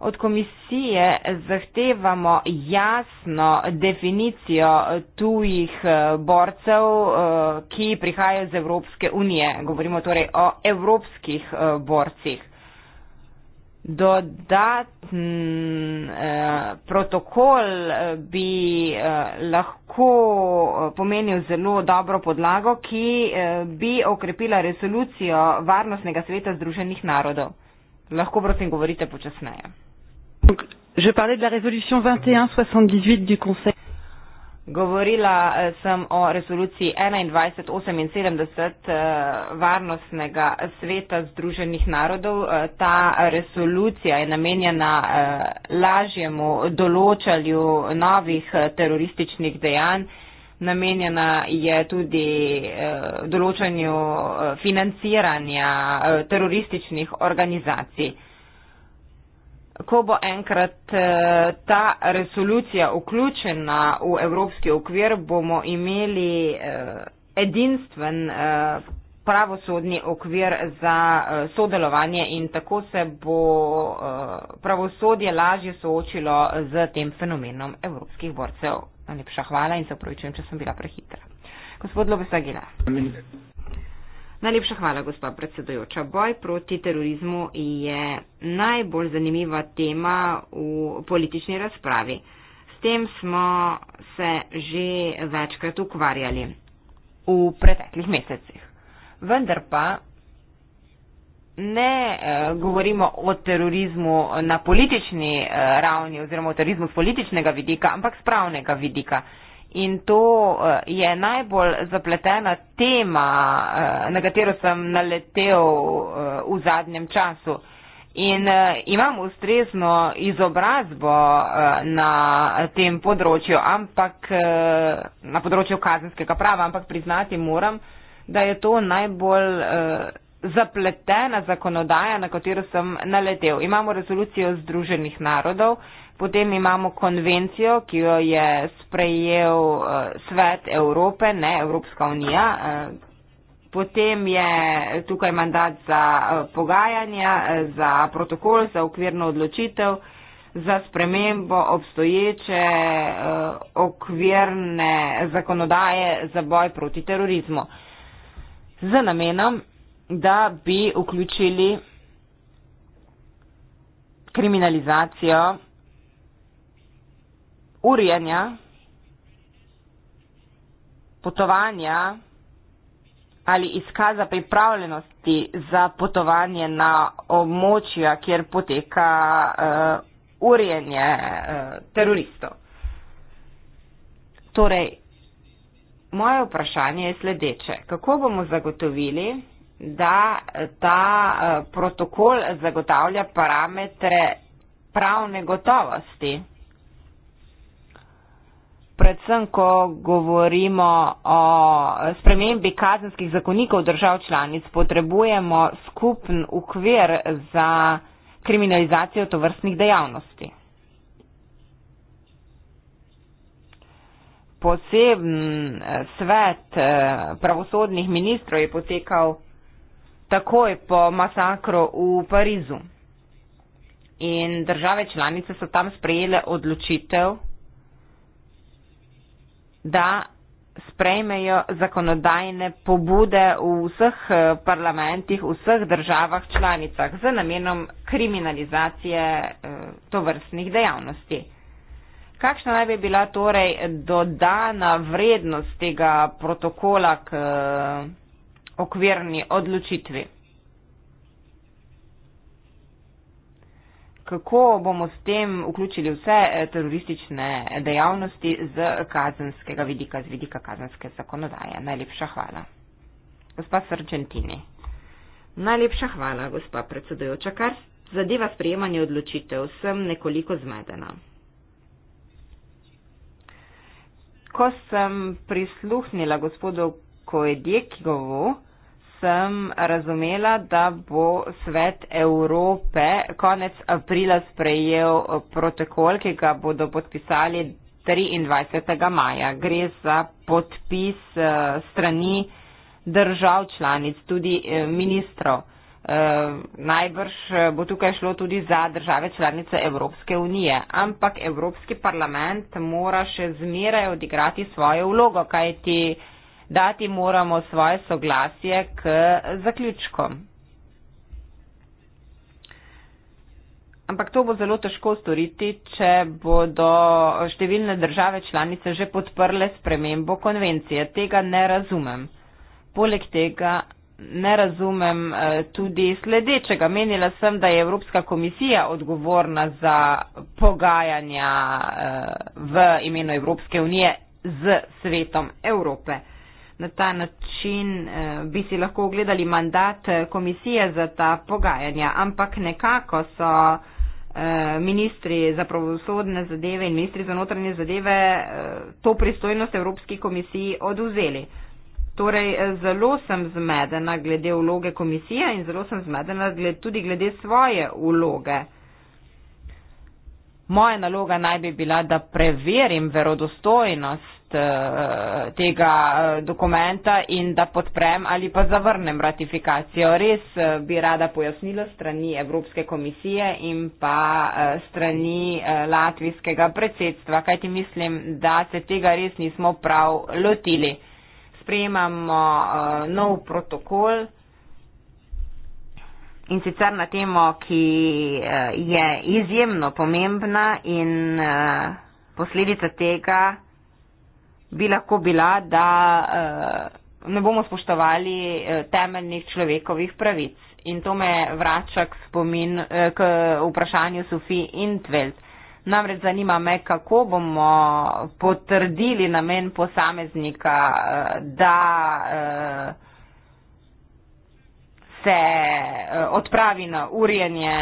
Od komisije zahtevamo jasno definicijo tujih eh, borcev, eh, ki prihajajo z Evropske unije. Govorimo torej o evropskih eh, borcih. Dodatn protokol bi lahko pomenil zelo dobro podlago, ki bi okrepila resolucijo Varnostnega sveta Združenih narodov. Lahko prosim govorite počasneje
je parlais de la résolution 2178 du Conseil.
Govorila eh, sem o resoluciji 2178 eh, Varnostnega sveta Združenih narodov. Eh, ta resolucija je namenjena lažjemu določalju novih terorističnih dejanj. Namenjena je tudi določanju financiranja terorističnih organizacij ko bo enkrat eh, ta resolucija vključena v evropski okvir, bomo imeli eh, edinstven eh, pravosodni okvir za sodelovanje in tako se bo pravosodje lažje soočilo z tem fenomenom evropskih borcev. Najlepša hvala in se upravičujem, če sem bila prehitra. Gospod Lobesagila. Najlepša hvala, gospa predsedujoča. Boj proti terorizmu je najbolj zanimiva tema v politični razpravi. S tem smo se že večkrat ukvarjali v preteklih mesecih. Vendar pa ne eh, govorimo o terorizmu na politični eh, ravni oziroma o terorizmu z političnega vidika, ampak z pravnega vidika in to eh, je najbolj zapletena tema, eh, na katero sem naletel eh, v zadnjem času. In imam ustrezno izobrazbo na tem področju, ampak na področju kazenskega prava, ampak priznati moram, da je to najbolj zapletena zakonodaja, na katero sem naletel. Imamo rezolucijo Združenih narodov, Potem imamo konvencijo, ki jo je sprejel uh, svet Evrope, ne Evropska unija. Uh, Potem je tukaj mandat za eh, pogajanja, za protokol, za okvirno odločitev, za spremembo obstoječe okvirne zakonodaje za boj proti terorizmu. Z namenom, da bi vključili kriminalizacijo urjenja, potovanja ali izkaza pripravljenosti za potovanje na območja, kjer poteka uh, urjenje uh, teroristov. Torej, moje vprašanje je sledeče. Kako bomo zagotovili, da eh, ta uh, protokol zagotavlja parametre pravne gotovosti? predvsem, ko govorimo o spremembi kazenskih zakonikov držav članic, potrebujemo skupen ukvir za kriminalizacijo tovrstnih dejavnosti. Poseben eh, svet eh, pravosodnih ministrov je potekal takoj po masakru v Parizu. In države članice so tam sprejele odločitev, da sprejmejo zakonodajne pobude v vseh eh, parlamentih, v vseh državah članicah z namenom kriminalizacije eh, tovrstnih dejavnosti. Kakšna naj bi bila torej dodana vrednost tega protokola k eh, okvirni odločitvi? kako bomo s tem vključili vse eh, teroristične dejavnosti z kazenskega vidika, z vidika kazenske zakonodaje. Najlepša hvala. Gospa Srčentini. Najlepša hvala, gospa predsedujoča. Kar zadeva sprejemanje odločitev, sem nekoliko zmedena. Ko sem prisluhnila gospodu Koedjekigovu, sem razumela, da bo svet Evrope konec aprila sprejel protokol, ki ga bodo podpisali 23. maja. Gre za podpis eh, strani držav članic, tudi eh, ministrov. Eh, najbrž bo tukaj šlo tudi za države članice Evropske unije, ampak Evropski parlament mora še zmeraj odigrati svojo vlogo, kajti uh, dati moramo svoje soglasje k zaključkom. Ampak to bo zelo težko storiti, če bodo številne države članice že podprle spremembo konvencije. Tega ne razumem. Poleg tega ne razumem eh, tudi sledečega. Menila sem, da je Evropska komisija odgovorna za pogajanja eh, v imenu Evropske unije z svetom Evrope. Na ta način eh, bi si lahko ogledali mandat eh, komisije za ta pogajanja, ampak nekako so eh, ministri za pravosodne zadeve in ministri za notranje zadeve to pristojnost Evropski komisiji oduzeli. Torej, zelo sem zmedena glede vloge komisije in zelo sem zmedena tudi glede svoje vloge. Moja naloga naj bi bila, da preverim verodostojnost Eh, tega eh, dokumenta in da podprem ali pa zavrnem ratifikacijo. Res eh, bi rada pojasnila strani Evropske komisije in pa strani latvijskega predsedstva, kajti mislim, da se tega res nismo prav lotili. Sprejemamo nov protokol. In sicer na temo, ki je izjemno pomembna in posledica tega, bi lahko bila, da uh, ne bomo spoštovali uh, temeljnih človekovih pravic. In to me vrača k spomin, uh, k vprašanju Sufi Intveld. Namreč zanima me, kako bomo potrdili namen posameznika, uh, da uh, se uh, odpravi na urjenje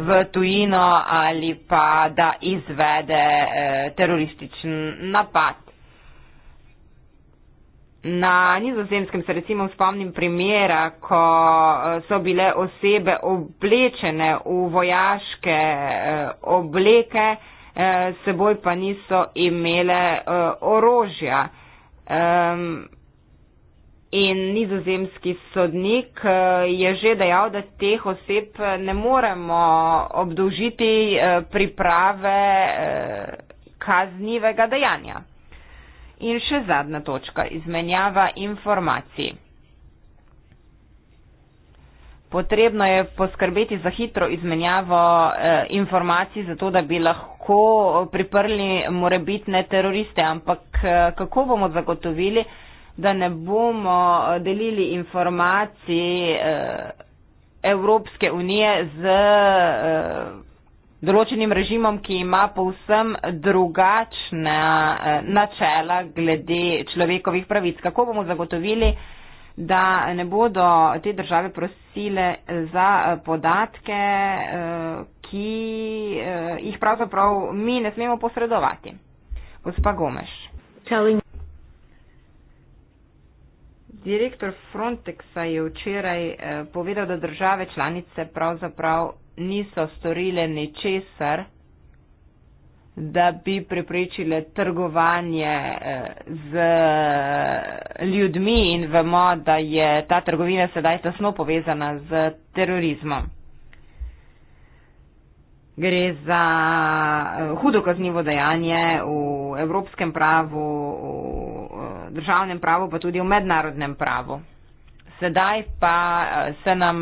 uh, v tujino ali pa da izvede uh, terorističen napad. Na nizozemskem se recimo spomnim primera, ko eh, so bile osebe oblečene v vojaške eh, obleke, eh, seboj pa niso imele orožja. In nizozemski sodnik je že dejal, da teh oseb ne moremo obdožiti priprave kaznivega dejanja. In še zadnja točka, izmenjava informacij. Potrebno je poskrbeti za hitro izmenjavo eh, informacij, zato da bi lahko priprli morebitne teroriste. Ampak eh, kako bomo zagotovili, da ne bomo delili informacij eh, Evropske unije z. Eh, določenim režimom, ki ima povsem drugačna eh, načela glede človekovih pravic. Kako bomo zagotovili, da ne bodo te države prosile za eh, podatke, eh, ki jih pravzaprav mi ne smemo posredovati? Gospa Gomeš. Direktor Frontexa je včeraj povedal, da države članice pravzaprav niso storile ničesar, da bi preprečile trgovanje eh, z eh, ljudmi in vemo, da je ta trgovina sedaj tesno povezana z terorizmom. Gre za eh, hudo kaznivo dejanje v evropskem pravu, v državnem pravu, pa tudi v mednarodnem pravu. Sedaj pa se nam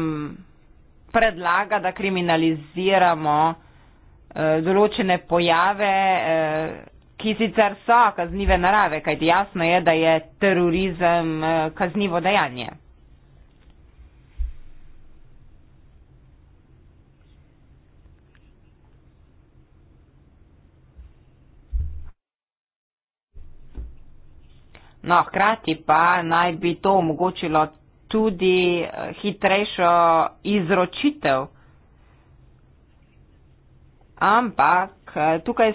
predlaga, da kriminaliziramo eh, določene pojave, eh, ki sicer so kaznive narave, kajti jasno je, da je terorizem eh, kaznivo dejanje. No, hkrati pa naj bi to omogočilo tudi eh, hitrejšo izročitev. Ampak eh, tukaj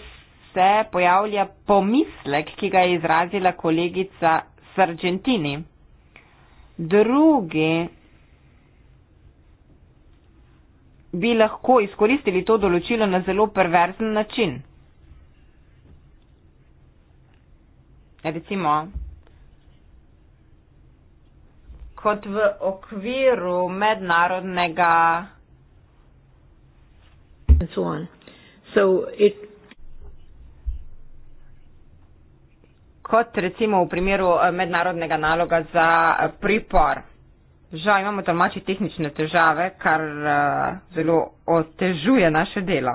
se pojavlja pomislek, ki ga je izrazila kolegica Sargentini. Drugi bi lahko izkoristili to določilo na zelo perverzen način. Recimo, kot v okviru mednarodnega. Kot recimo v primeru eh, mednarodnega naloga za eh, pripor. Žal imamo tolmači tehnične težave, kar uh, zelo otežuje naše delo.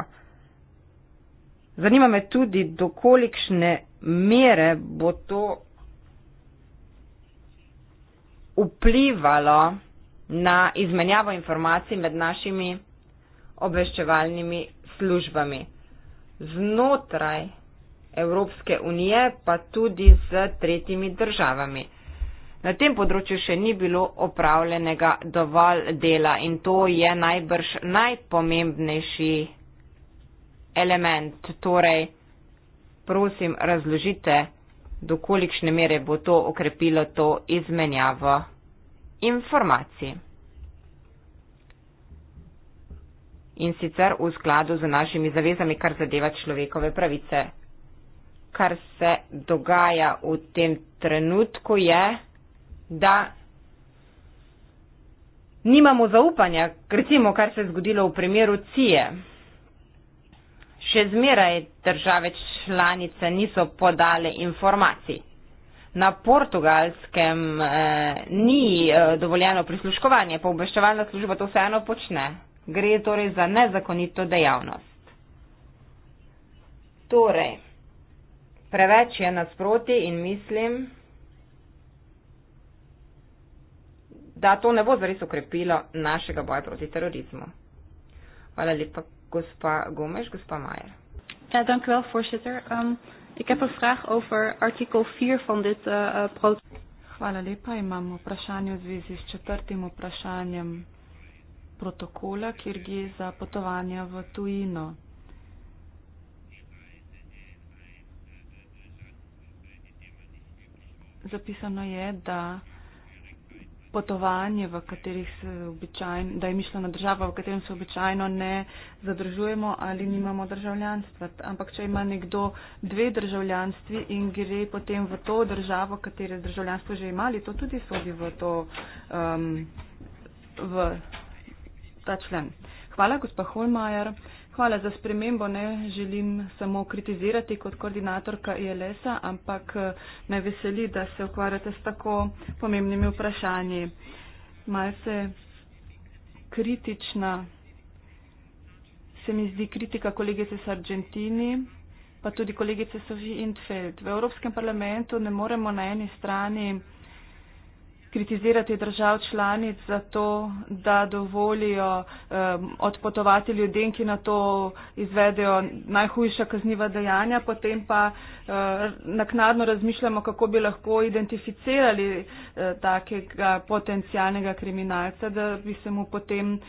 Zanima me tudi, dokolikšne mere bo to vplivalo na izmenjavo informacij med našimi obveščevalnimi službami. Znotraj Evropske unije, pa tudi z tretjimi državami. Na tem področju še ni bilo opravljenega dovolj dela in to je najbrž najpomembnejši element. Torej, prosim, razložite, dokolikšne mere bo to okrepilo to izmenjavo informacij. In sicer v skladu z našimi zavezami, kar zadeva človekove pravice. Kar se dogaja v tem trenutku je, da nimamo zaupanja, recimo, kar se je zgodilo v primeru CIE. Še zmeraj države članice niso podale informacij. Na portugalskem eh, ni eh, dovoljeno prisluškovanje, pa obveščevalna služba to vseeno počne. Gre torej za nezakonito dejavnost. Torej, preveč je nasproti in mislim, da to ne bo zares ukrepilo našega boja proti terorizmu. Hvala lepa, gospa Gomeš, gospa Majer.
Ja, dank u wel, voorzitter. Um, ik heb een vraag over artikel 4 van dit uh, eh, eh, protocol. Hvala lepa, imam vprašanje v zvezi s četrtim vprašanjem protokola, kjer gre za potovanja v tujino. Zapisano je, da potovanje, v katerih se običajno, da je mišljena država, v katerem se običajno ne zadržujemo ali nimamo državljanstva. Ampak če ima nekdo dve državljanstvi in gre potem v to državo, katere državljanstvo že ima, ali to tudi sodi v, to, um, v ta člen. Hvala, gospod Holmajer hvala za spremembo. Ne želim samo kritizirati kot koordinatorka ILS-a, e ampak me veseli, da se ukvarjate s tako pomembnimi vprašanji. Malce kritična se mi zdi kritika kolegice Sargentini, pa tudi kolegice Sofi Intfeld. V Evropskem parlamentu ne moremo na eni strani kritizirati držav članic za to, da dovolijo um, odpotovati ljudem, ki na to izvedejo najhujša kazniva dejanja, potem pa uh, naknadno razmišljamo, kako bi lahko identificirali uh, takega potencijalnega kriminalca, da bi se mu potem uh,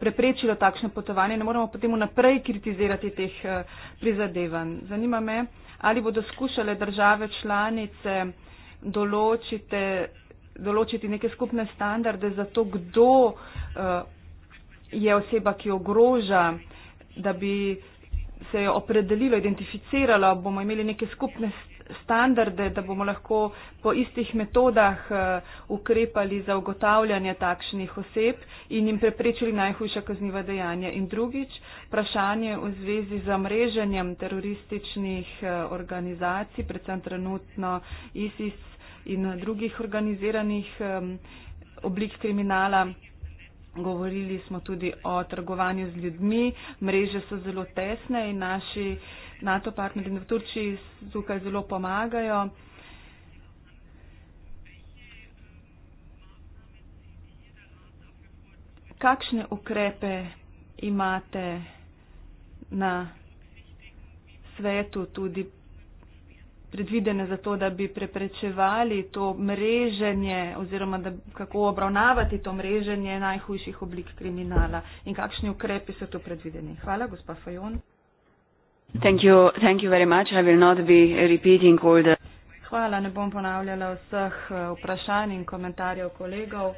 preprečilo takšno potovanje. Ne moramo potem vnaprej kritizirati teh uh, prizadevanj. Zanima me, ali bodo skušale države članice določiti določiti neke skupne standarde za to, kdo eh, je oseba, ki ogroža, da bi se je opredelilo, identificiralo, bomo imeli neke skupne standarde, da bomo lahko po istih metodah eh, ukrepali za ugotavljanje takšnih oseb in jim preprečili najhujša kazniva dejanja. In drugič, vprašanje v zvezi z mreženjem terorističnih eh, organizacij, predvsem trenutno ISIS in eh, drugih organiziranih oblik kriminala. Govorili smo tudi o trgovanju z ljudmi. Mreže so zelo tesne in naši NATO partnerji v Turčiji tukaj zelo pomagajo. Kakšne ukrepe imate na svetu tudi predvidene za to, da bi preprečevali to mreženje oziroma da, kako obravnavati to mreženje najhujših oblik kriminala in kakšni ukrepi so tu predvideni. Hvala, gospa Fajon. Hvala, ne bom ponavljala vseh eh, vprašanj in komentarjev kolegov.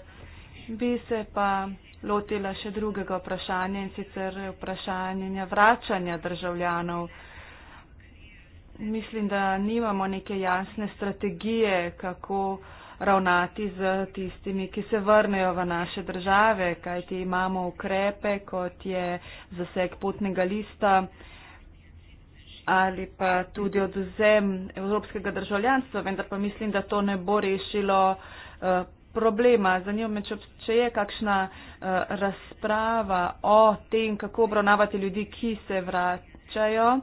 Bi se pa lotila še drugega vprašanja in sicer vprašanja vračanja državljanov mislim, da nimamo neke jasne strategije, kako ravnati z tistimi, ki se vrnejo v naše države, kajti imamo ukrepe, kot je zaseg potnega lista ali pa tudi odvzem evropskega državljanstva, vendar pa mislim, da to ne bo rešilo eh, problema. Zanima me, če je kakšna eh, razprava o tem, kako obravnavati ljudi, ki se vračajo.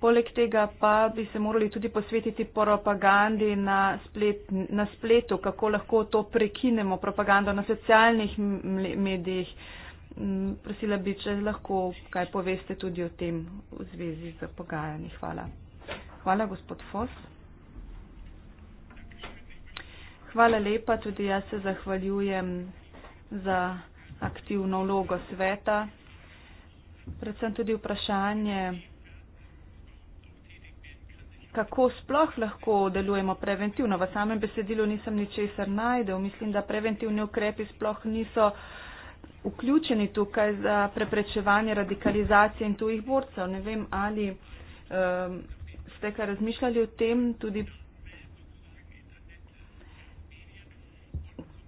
Poleg tega pa bi se morali tudi posvetiti propagandi na, splet, na spletu, kako lahko to prekinemo, propagando na socialnih medijih. Mm, prosila bi, če lahko kaj poveste tudi o tem v zvezi z pogajanji. Hvala. Hvala, gospod Fos. Hvala lepa, tudi jaz se zahvaljujem za aktivno vlogo sveta, predvsem tudi vprašanje kako sploh lahko delujemo preventivno. V samem besedilu nisem ničesar najdel. Mislim, da preventivni ukrepi sploh niso vključeni tukaj za preprečevanje radikalizacije in tujih borcev. Ne vem, ali um, ste kaj razmišljali o tem tudi.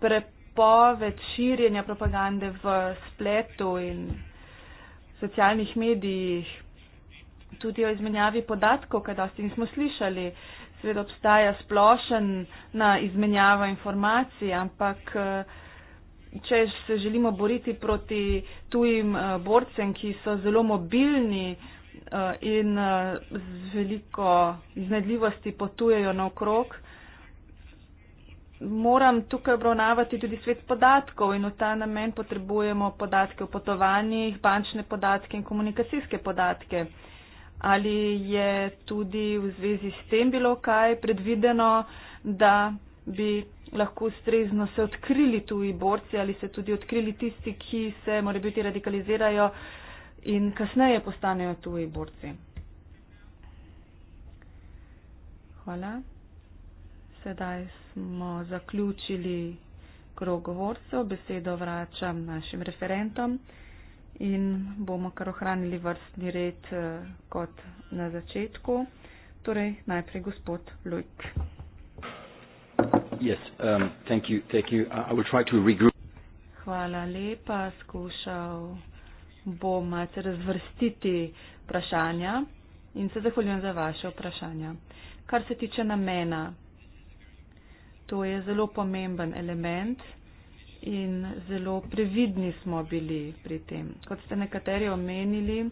Prepoved širjenja propagande v spletu in socialnih medijih, tudi o izmenjavi podatkov, kaj dosti nismo slišali. Sveda obstaja splošen na izmenjavo informacij, ampak eh, če se želimo boriti proti tujim eh, borcem, ki so zelo mobilni eh, in z veliko iznedljivosti potujejo naokrog, moram tukaj obravnavati tudi svet podatkov in v ta namen potrebujemo podatke o potovanjih, bančne podatke in komunikacijske podatke ali je tudi v zvezi s tem bilo kaj predvideno, da bi lahko ustrezno se odkrili tuji borci ali se tudi odkrili tisti, ki se more biti radikalizirajo in kasneje postanejo tuji borci. Hvala. Sedaj smo zaključili krog govorcev. Besedo vračam našim referentom in bomo kar ohranili vrstni red eh, kot na začetku. Torej, najprej gospod Lujk. Yes, um, thank you,
thank you. I will try to regroup.
Hvala lepa, skušal bom se razvrstiti vprašanja in se zahvaljujem za vaše vprašanja. Kar se tiče namena, to je zelo pomemben element in zelo previdni smo bili pri tem. Kot ste nekateri omenili,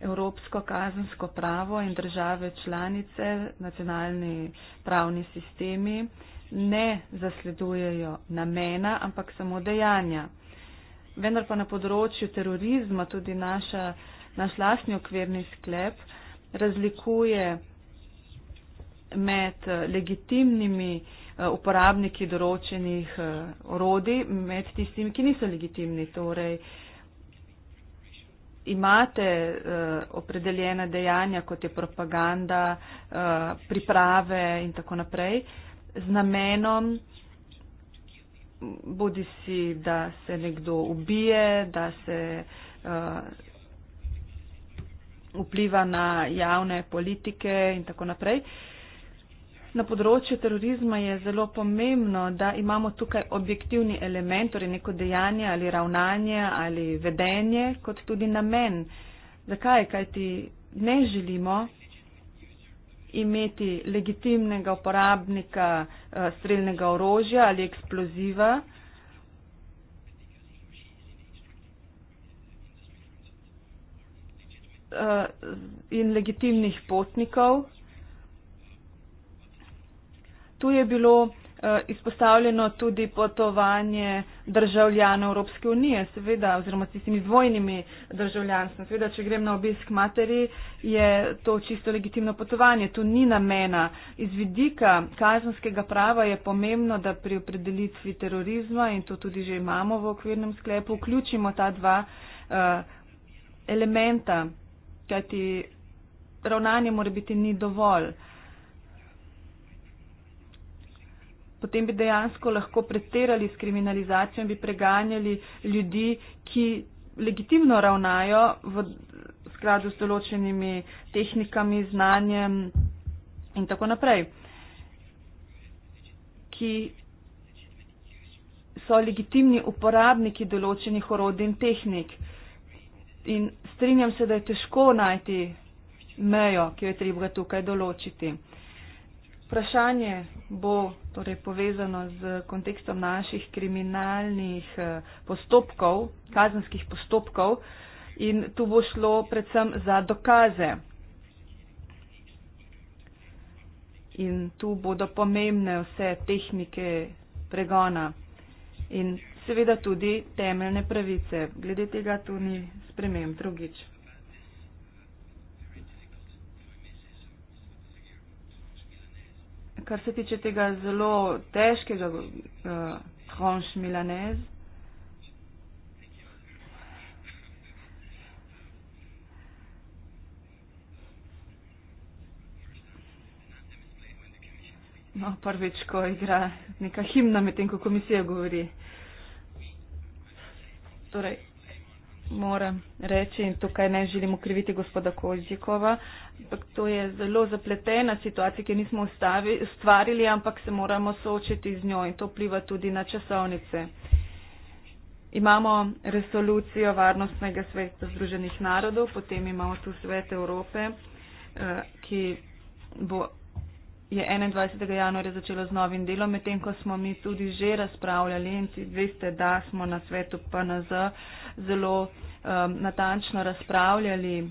Evropsko kazensko pravo in države članice, nacionalni pravni sistemi ne zasledujejo namena, ampak samo dejanja. Vendar pa na področju terorizma tudi naša, naš lastni okvirni sklep razlikuje med legitimnimi uh, uporabniki določenih eh, orodij med tistimi, ki niso legitimni. Torej, imate eh, opredeljena dejanja, kot je propaganda, eh, priprave in tako naprej, z namenom, bodi si, da se nekdo ubije, da se vpliva na javne politike in tako naprej. Na področju terorizma je zelo pomembno, da imamo tukaj objektivni element, torej neko dejanje ali ravnanje ali vedenje, kot tudi namen. Zakaj? Kaj ti ne želimo imeti legitimnega uporabnika eh, streljnega orožja ali eksploziva? Eh, in legitimnih potnikov, Tu je bilo eh, izpostavljeno tudi potovanje državljanov Evropske unije, seveda, oziroma s tistimi dvojnimi državljanstvom. Seveda, če grem na obisk materi, je to čisto legitimno potovanje. Tu ni namena. Iz vidika kazenskega prava je pomembno, da pri opredelitvi terorizma, in to tudi že imamo v okvirnem sklepu, vključimo ta dva uh, elementa, kajti ravnanje mora biti ni dovolj. Uh, potem bi dejansko lahko pretirali s kriminalizacijo in bi preganjali ljudi, ki legitimno ravnajo v skladu s določenimi tehnikami, znanjem in tako naprej, ki so legitimni uporabniki določenih orodij in tehnik. In strinjam se, da je težko najti mejo, ki jo je treba tukaj določiti vprašanje bo torej povezano z kontekstom naših kriminalnih eh, postopkov, kazenskih postopkov in tu bo šlo predvsem za dokaze. In tu bodo pomembne vse tehnike pregona in seveda tudi temeljne pravice. Glede tega tu ni sprememb drugič. kar se tiče tega zelo težkega uh, eh, honš milanez. No, prvič, ko igra neka himna med tem, ko komisija govori. Torej moram reči in tukaj ne želim ukriviti gospoda Kožikova, ampak to je zelo zapletena situacija, ki nismo ustvarili, ampak se moramo soočiti z njo in to pliva tudi na časovnice. Imamo resolucijo Varnostnega sveta Združenih narodov, potem imamo tu svet Evrope, eh, ki bo je 21. januarja začelo z novim delom, medtem ko smo mi tudi že razpravljali in si veste, da smo na svetu PNZ zelo um, natančno razpravljali,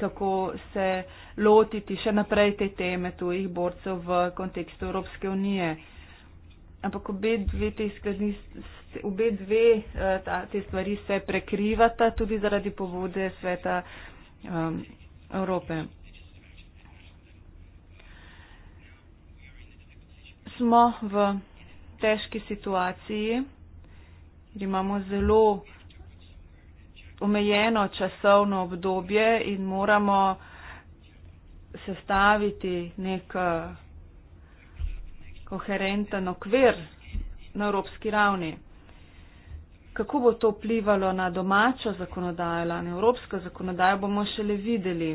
kako se lotiti še naprej te teme tujih borcev v kontekstu Evropske unije. Ampak obe dve te skladni, obe dve uh, ta, te stvari se prekrivata tudi zaradi povode sveta um, Evrope. smo v težki situaciji, ker imamo zelo omejeno časovno obdobje in moramo sestaviti nek eh, koherenten okvir na evropski ravni. Kako bo to vplivalo na domačo zakonodajo, na evropsko zakonodajo, bomo šele videli.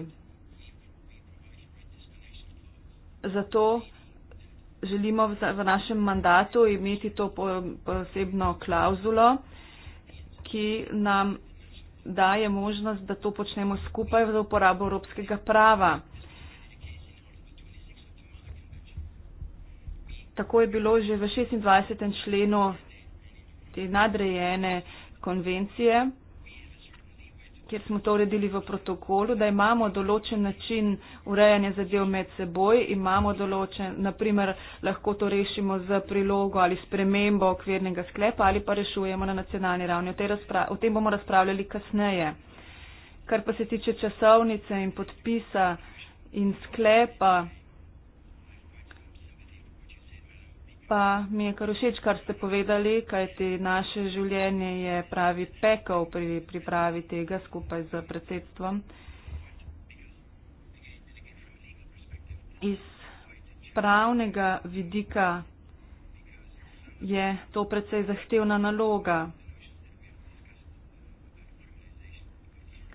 Zato želimo v, v našem mandatu imeti to po, posebno klauzulo, ki nam daje možnost, da to počnemo skupaj v uporabo evropskega prava. Tako je bilo že v 26. členu te nadrejene konvencije kjer smo to uredili v protokolu, da imamo določen način urejanja zadev med seboj, imamo določen, naprimer lahko to rešimo z prilogo ali spremembo okvirnega sklepa ali pa rešujemo na nacionalni ravni. O, o tem bomo razpravljali kasneje. Kar pa se tiče časovnice in podpisa in sklepa, pa mi je kar všeč, kar ste povedali, kajti naše življenje je pravi pekel pri pripravi tega skupaj z predsedstvom. Iz pravnega vidika je to precej zahtevna naloga.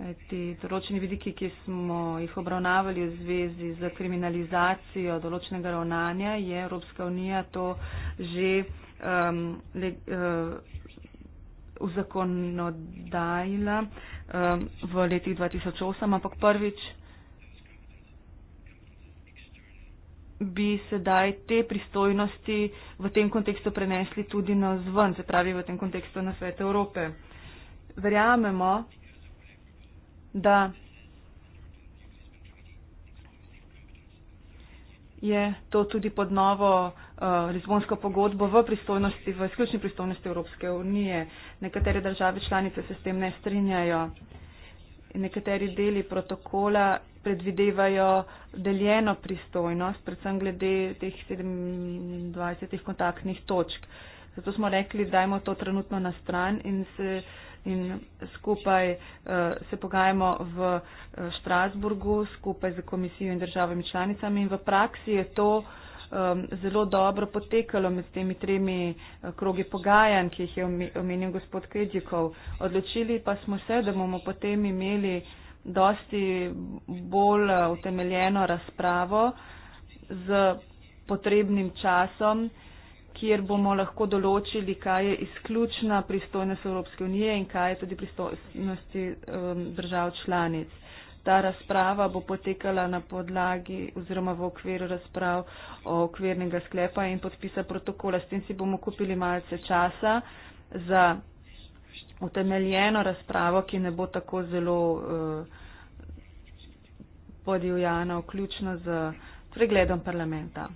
Kajti določeni vidiki, ki smo jih obravnavali v zvezi z kriminalizacijo določenega ravnanja, je Evropska unija to že um, le, uh, uzakonodajila um, v letih 2008, ampak prvič bi sedaj te pristojnosti v tem kontekstu prenesli tudi na zven, se pravi v tem kontekstu na svet Evrope. Verjamemo, da je to tudi pod novo uh, Lizbonsko pogodbo v pristojnosti, v izključni pristojnosti Evropske unije. Nekatere države članice se s tem ne strinjajo. Nekateri deli protokola predvidevajo deljeno pristojnost, predvsem glede teh 27 kontaktnih točk. Zato smo rekli, dajmo to trenutno na stran in se uh, in skupaj uh, se pogajamo v uh, Štrasburgu, skupaj z komisijo in državami članicami in v praksi je to um, zelo dobro potekalo med temi tremi uh, krogi pogajanj, ki jih je omenil gospod Kedjikov. Odločili pa smo se, da bomo potem imeli dosti bolj utemeljeno razpravo z potrebnim časom kjer bomo lahko določili, kaj je izključna pristojnost Evropske unije in kaj je tudi pristojnost um, držav članic. Ta razprava bo potekala na podlagi oziroma v okviru razprav o okvirnega sklepa in podpisa protokola. S tem si bomo kupili malce časa za utemeljeno razpravo, ki ne bo tako zelo uh, podivjana, vključno z pregledom parlamenta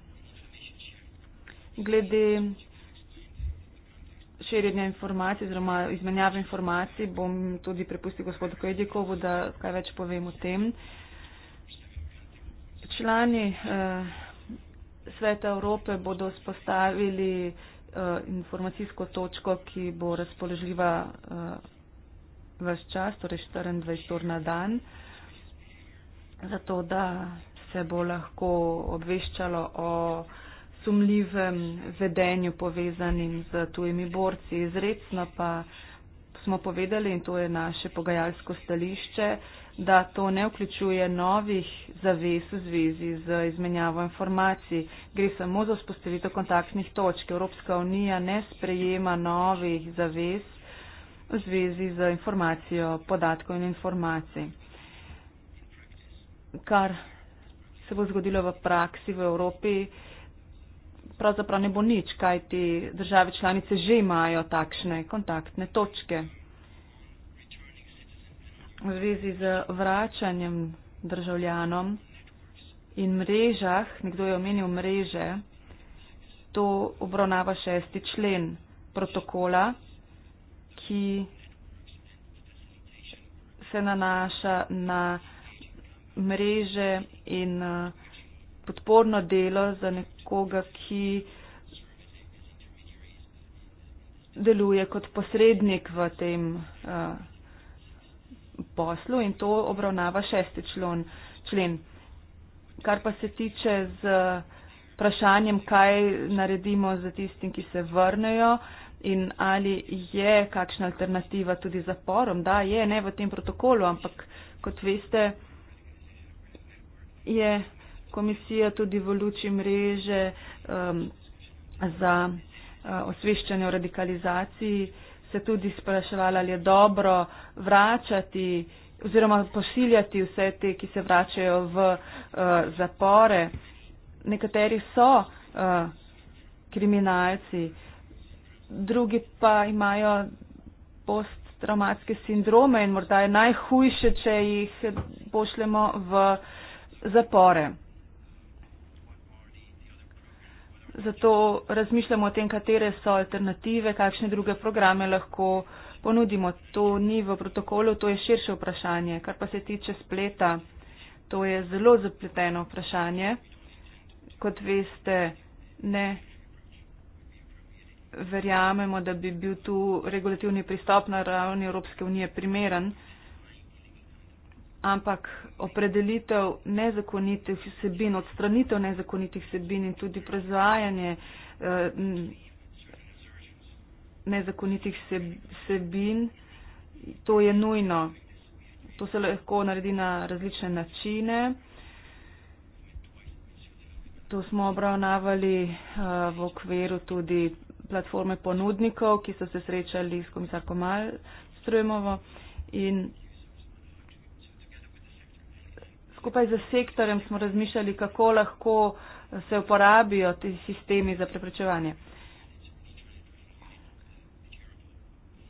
glede širjenja informacij oziroma izmenjave informacij bom tudi prepustil gospodu Kojedikovu, da kaj več povem o tem. Člani eh, Sveta Evrope bodo spostavili eh, informacijsko točko, ki bo razpoložljiva eh, vse čas, torej 24 ur na dan, zato da se bo lahko obveščalo o sumljivem vedenju povezanim z tujimi borci. Izredno pa smo povedali, in to je naše pogajalsko stališče, da to ne vključuje novih zavez v zvezi z izmenjavo informacij. Gre samo za vzpostavitev kontaktnih točk. Evropska unija ne sprejema novih zavez v zvezi z informacijo podatkov in informacij. Kar se bo zgodilo v praksi v Evropi, pravzaprav ne bo nič, kajti države članice že imajo takšne kontaktne točke. V zvezi z vračanjem državljanom in mrežah, nekdo je omenil mreže, to obravnava šesti člen protokola, ki se nanaša na mreže in uh, podporno delo za nekoga, ki deluje kot posrednik v tem uh, poslu in to obravnava šesti člon, člen. Kar pa se tiče z vprašanjem, kaj naredimo za tistim, ki se vrnejo in ali je kakšna alternativa tudi zaporom. Da, je ne v tem protokolu, ampak kot veste, je komisija tudi v luči mreže um, za uh, osveščanje o radikalizaciji se tudi spraševala, ali je dobro vračati oziroma pošiljati vse te, ki se vračajo v uh, zapore. Nekateri so uh, kriminalci, drugi pa imajo posttraumatske sindrome in morda je najhujše, če jih pošljemo v zapore. zato razmišljamo o tem, katere so alternative, kakšne druge programe lahko ponudimo. To ni v protokolu, to je širše vprašanje. Kar pa se tiče spleta, to je zelo zapleteno vprašanje. Kot veste, ne. Verjamemo, da bi bil tu regulativni pristop na ravni Evropske unije primeren ampak opredelitev nezakonitih vsebin, odstranitev nezakonitih vsebin in tudi proizvajanje eh, nezakonitih vsebin, to je nujno. To se lahko naredi na različne načine. To smo obravnavali eh, v okviru tudi platforme ponudnikov, ki so se srečali s komisarko Malstrojmovo. In skupaj z sektorjem smo razmišljali, kako lahko se uporabijo ti sistemi za preprečevanje.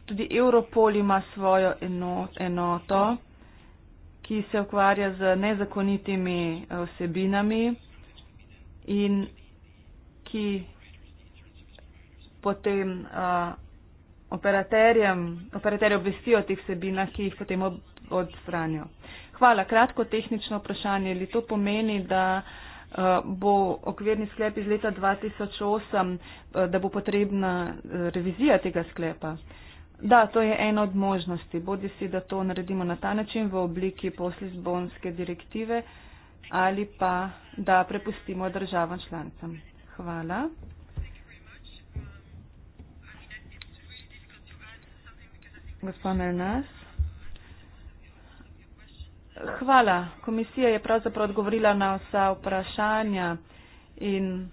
Tudi Europol ima svojo enot, enoto, ki se ukvarja z nezakonitimi osebinami eh, in ki potem uh, operaterje obvestijo o teh osebinah, ki jih potem ob, odstranijo. Hvala. Kratko tehnično vprašanje. Li to pomeni, da eh, bo okvirni sklep iz leta 2008, eh, da bo potrebna eh, revizija tega sklepa? Da, to je ena od možnosti. Bodi si, da to naredimo na ta način v obliki poslizbonske direktive ali pa da prepustimo državam članicam. Hvala. Gospod Mernas. Hvala. Komisija je pravzaprav odgovorila na vsa vprašanja in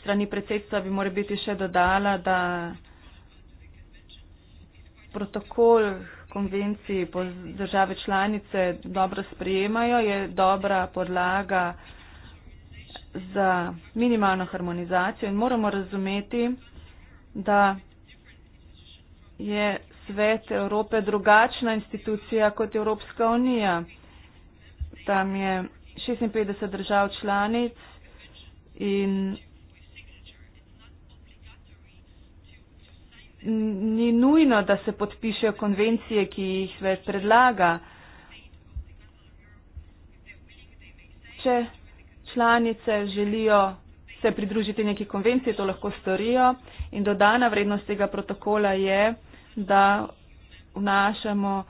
strani predsedstva bi mora biti še dodala, da protokol konvenciji države članice dobro sprejemajo, je dobra podlaga za minimalno harmonizacijo in moramo razumeti, da je svet Evrope drugačna institucija kot Evropska unija. Tam je 56 držav članic in ni nujno, da se podpišejo konvencije, ki jih svet predlaga. Če članice želijo se pridružiti neki konvenciji, to lahko storijo in dodana vrednost tega protokola je, da vnašamo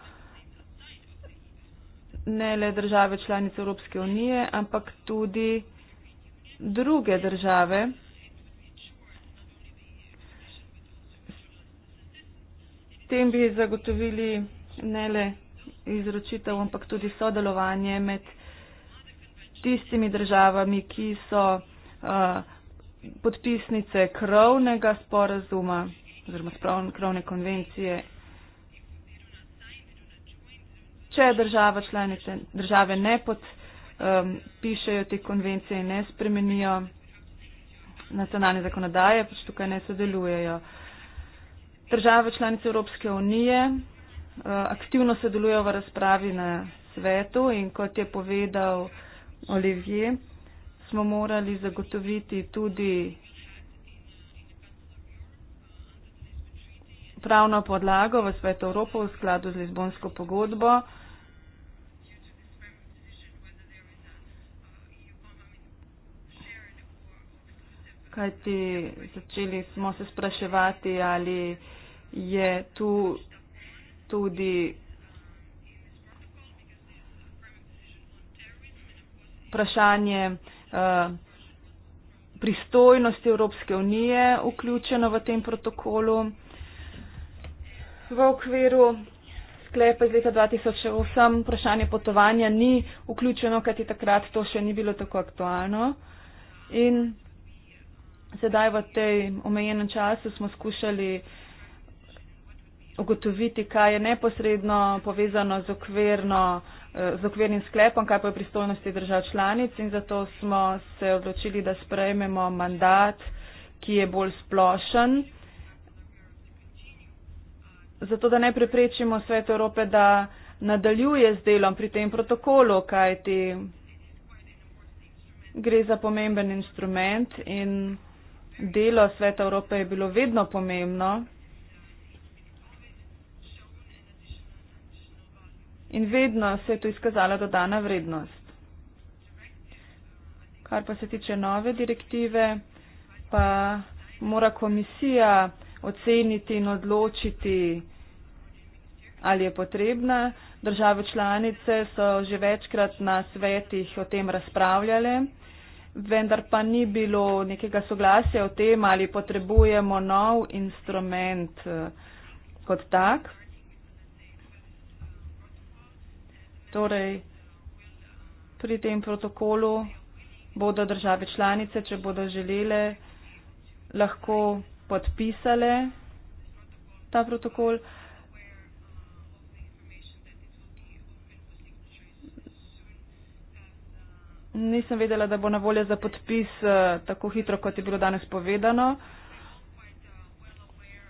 ne le države članice Evropske unije, ampak tudi druge države. S tem bi zagotovili ne le izročitev, ampak tudi sodelovanje med tistimi državami, ki so uh, podpisnice krovnega sporazuma oziroma spravne konvencije. Če država članice, države ne podpišejo um, te konvencije in ne spremenijo nacionalne zakonodaje, pač tukaj ne sodelujejo. Države članice Evropske unije uh, aktivno sodelujejo v razpravi na svetu in kot je povedal Olivier, smo morali zagotoviti tudi pravno podlago v Svet Evropo v skladu z Lizbonsko pogodbo. Kajti začeli smo se spraševati, ali je tu tudi vprašanje uh, pristojnosti Evropske unije vključeno v tem protokolu v okviru sklepa iz leta 2008 vprašanje potovanja ni vključeno, kajti takrat to še ni bilo tako aktualno. In sedaj v tej omejenem času smo skušali ogotoviti, kaj je neposredno povezano z, okvirno, z okvirnim sklepom, kaj pa je pristojnosti držav članic in zato smo se odločili, da sprejmemo mandat, ki je bolj splošen, zato da ne preprečimo svet Evrope, da nadaljuje z delom pri tem protokolu, kajti gre za pomemben instrument in delo sveta Evrope je bilo vedno pomembno. In vedno se je tu izkazala dodana vrednost. Kar pa se tiče nove direktive, pa mora komisija oceniti in odločiti, ali je potrebna. Države članice so že večkrat na svetih o tem razpravljale, vendar pa ni bilo nekega soglasja o tem, ali potrebujemo nov instrument eh, kot tak. Torej, pri tem protokolu bodo države članice, če bodo želele, lahko podpisale ta protokol. Nisem vedela, da bo na voljo za podpis eh, tako hitro, kot je bilo danes povedano.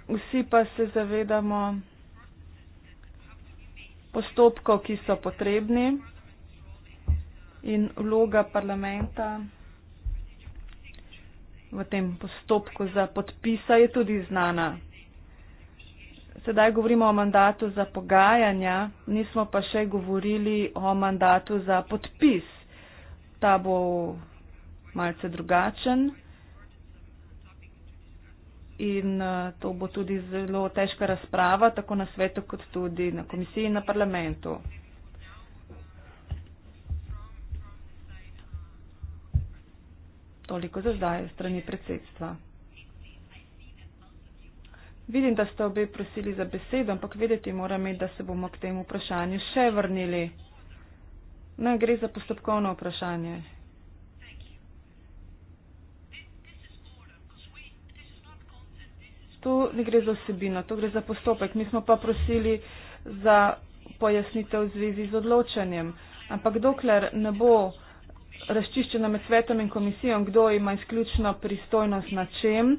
Vsi pa se zavedamo postopkov, ki so potrebni in vloga parlamenta v tem postopku za podpisa je tudi znana. Sedaj govorimo o mandatu za pogajanja, nismo pa še govorili o mandatu za podpis. Ta bo malce drugačen in eh, to bo tudi zelo težka razprava, tako na svetu, kot tudi na komisiji in na parlamentu. Toliko za zdaj strani predsedstva. Vidim, da ste obe prosili za besedo, ampak vedeti moram, da se bomo k temu vprašanju še vrnili. Ne gre za postopkovno vprašanje. Tu ne gre za osebino, tu gre za postopek. Mi smo pa prosili za pojasnitev v zvezi z odločanjem. Ampak dokler ne bo razčiščena med svetom in komisijo, kdo ima izključno pristojnost na čem,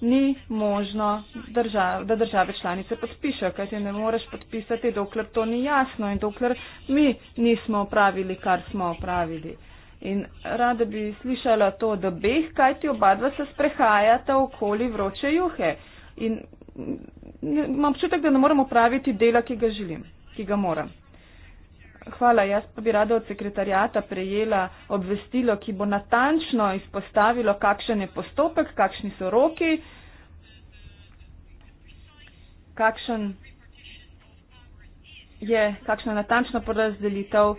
ni možno, držav, da države članice podpišajo, kajti ne moreš podpisati, dokler to ni jasno in dokler mi nismo opravili, kar smo opravili. In rada bi slišala to, da beh, kajti oba dva se sprehajata okoli vroče juhe. In mm, imam občutek, da ne moremo praviti dela, ki ga želim, ki ga moram hvala. Jaz pa bi rada od sekretarjata prejela obvestilo, ki bo natančno izpostavilo, kakšen je postopek, kakšni so roki, kakšen je, kakšna natančna porazdelitev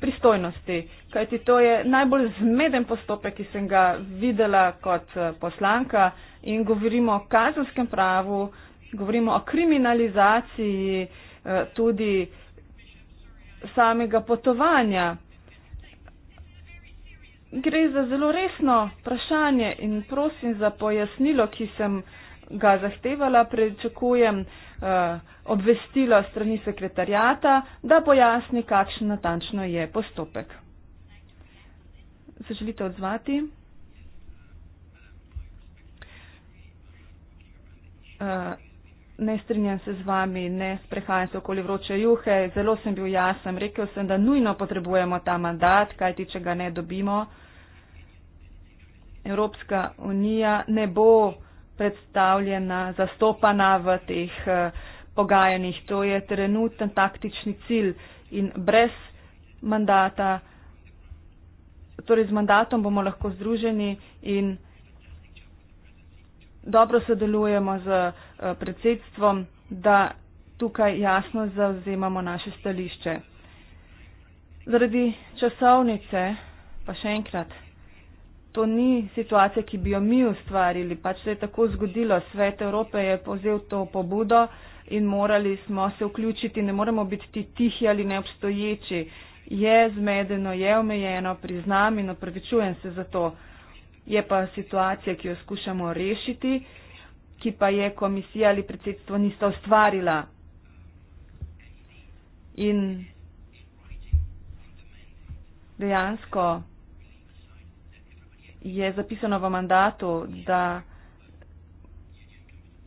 pristojnosti, kajti to je najbolj zmeden postopek, ki sem ga videla kot eh, poslanka in govorimo o kazenskem pravu, govorimo o kriminalizaciji eh, tudi samega potovanja. Gre za zelo resno vprašanje in prosim za pojasnilo, ki sem ga zahtevala. Prečakujem uh, eh, obvestilo strani sekretarjata, da pojasni, kakšen natančno je postopek. Se želite odzvati? Uh, ne strinjam se z vami, ne sprehajam se okoli vroče juhe, zelo sem bil jasen, rekel sem, da nujno potrebujemo ta mandat, kajti če ga ne dobimo, Evropska unija ne bo predstavljena, zastopana v teh eh, pogajanjih. To je trenuten taktični cilj in brez mandata, torej z mandatom bomo lahko združeni in dobro sodelujemo z eh, predsedstvom, da tukaj jasno zauzemamo naše stališče. Zaradi časovnice, pa še enkrat, to ni situacija, ki bi jo mi ustvarili, pač se je tako zgodilo. Svet Evrope je povzel to pobudo in morali smo se vključiti, ne moremo biti tihi ali neobstoječi. Je zmedeno, je omejeno, priznam in opravičujem se za to. Uh, je pa situacija, ki jo skušamo rešiti, ki pa je komisija ali predsedstvo nista ustvarila. In dejansko je zapisano v mandatu, da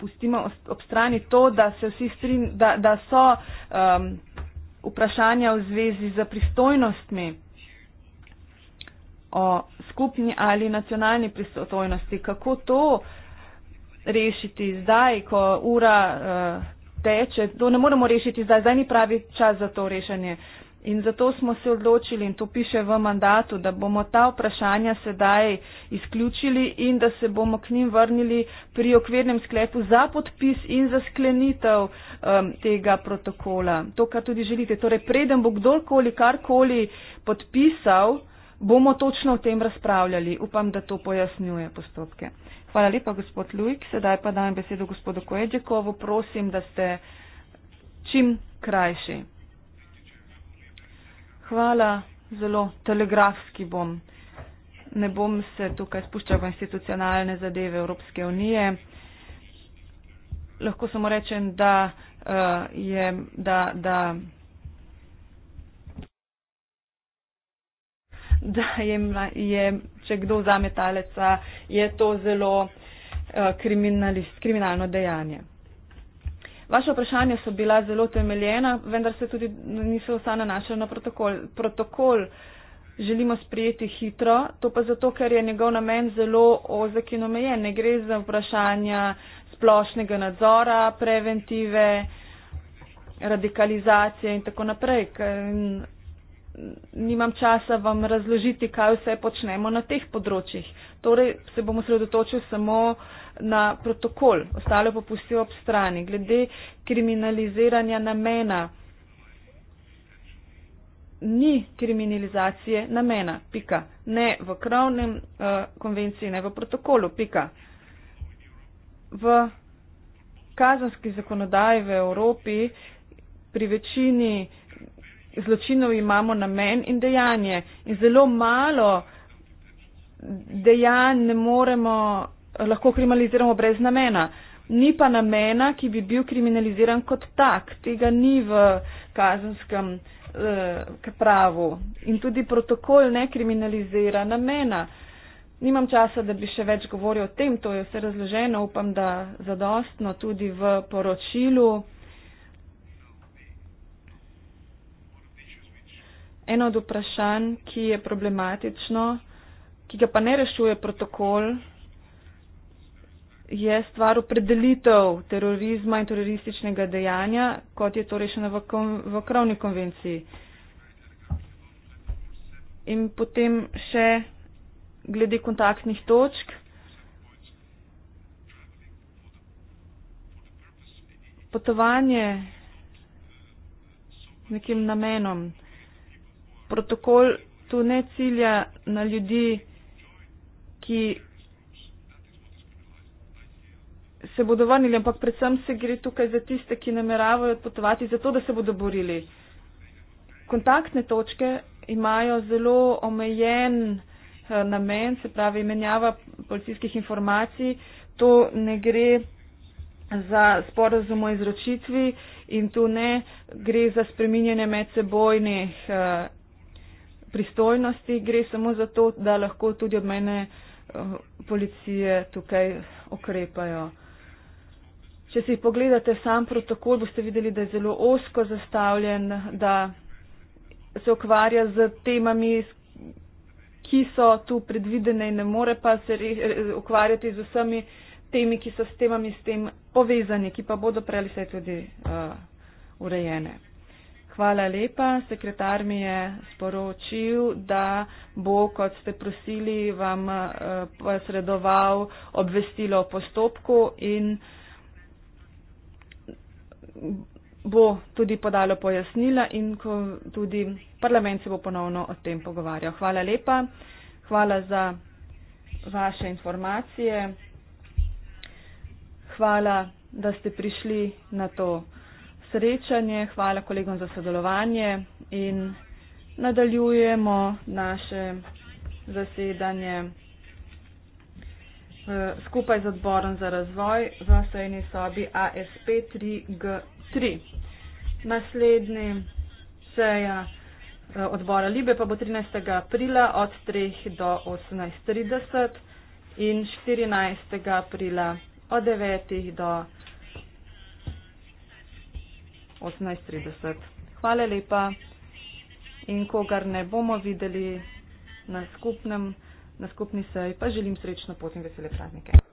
pustimo ob strani to, da, strin, da, da so um, vprašanja v zvezi z pristojnostmi o skupni ali nacionalni pristojnosti, kako to rešiti zdaj, ko ura uh, teče. To ne moremo rešiti zdaj, zdaj ni pravi čas za to rešanje. In zato smo se odločili, in to piše v mandatu, da bomo ta vprašanja sedaj izključili in da se bomo k njim vrnili pri okvirnem sklepu za podpis in za sklenitev um, tega protokola. To, kar tudi želite. Torej, preden bo kdorkoli karkoli podpisal, bomo točno o tem razpravljali. Upam, da to pojasnjuje postopke. Hvala lepa, gospod Lujk. Sedaj pa dajem besedo gospodu Koedžekovu. Prosim, da ste čim krajši. Hvala, zelo telegrafski bom. Ne bom se tukaj spuščal v institucionalne zadeve Evropske unije. Lahko samo rečem, da, uh, je, da, da da je, je če kdo vzame taleca, je to zelo eh, kriminalno dejanje. Vaše vprašanje so bila zelo temeljena, vendar se tudi niso vsa nanašala na protokol. Protokol želimo sprijeti hitro, to pa zato, ker je njegov namen zelo ozek in omejen. Ne gre za vprašanja splošnega nadzora, preventive, radikalizacije in tako naprej nimam časa vam razložiti, kaj vse počnemo na teh področjih. Torej se bomo sredotočili samo na protokol, ostale pa pustijo ob strani. Glede kriminaliziranja namena, ni kriminalizacije namena, pika. Ne v krovnem uh, konvenciji, ne v protokolu, pika. V kazanski zakonodaji v Evropi pri večini zločinov imamo namen in dejanje. In zelo malo dejanj ne moremo, lahko kriminaliziramo brez namena. Ni pa namena, ki bi bil kriminaliziran kot tak. Tega ni v kazenskem eh, pravu. In tudi protokol ne kriminalizira namena. Nimam časa, da bi še več govoril o tem, to je vse razloženo, upam, da zadostno tudi v poročilu. eno od vprašanj, ki je problematično, ki ga pa ne rešuje protokol, je stvar opredelitev terorizma in terorističnega dejanja, kot je to rešeno v, kon v krovni konvenciji. In potem še glede kontaktnih točk. Potovanje z nekim namenom protokol tu ne cilja na ljudi, ki se bodo vrnili, ampak predvsem se gre tukaj za tiste, ki nameravajo potovati, zato da se bodo borili. Kontaktne točke imajo zelo omejen eh, namen, se pravi menjava policijskih informacij, to ne gre za sporazum o izročitvi in tu ne gre za spreminjanje medsebojnih eh, pristojnosti, gre samo za to, da lahko tudi od mene eh, policije tukaj okrepajo. Če si pogledate sam protokol, boste videli, da je zelo osko zastavljen, da se ukvarja z temami, ki so tu predvidene in ne more pa se ukvarjati z vsemi temi, ki so s temami s tem povezani, ki pa bodo prelise tudi uh, urejene. Hvala lepa. Sekretar mi je sporočil, da bo, kot ste prosili, vam eh, posredoval obvestilo o postopku in bo tudi podalo pojasnila in tudi parlament se bo ponovno o tem pogovarjal. Hvala lepa. Hvala za vaše informacije. Hvala, da ste prišli na to srečanje, hvala kolegom za sodelovanje in nadaljujemo naše zasedanje eh, skupaj z odborom za razvoj v sejni sobi ASP 3G3. Naslednji seja eh, odbora Libe pa bo 13. aprila od 3 do 18.30 in 14. aprila od 9 do 18. 18.30. Hvala lepa in kogar ne bomo videli na skupnem, na skupni seji, pa želim srečno pot in vesele praznike.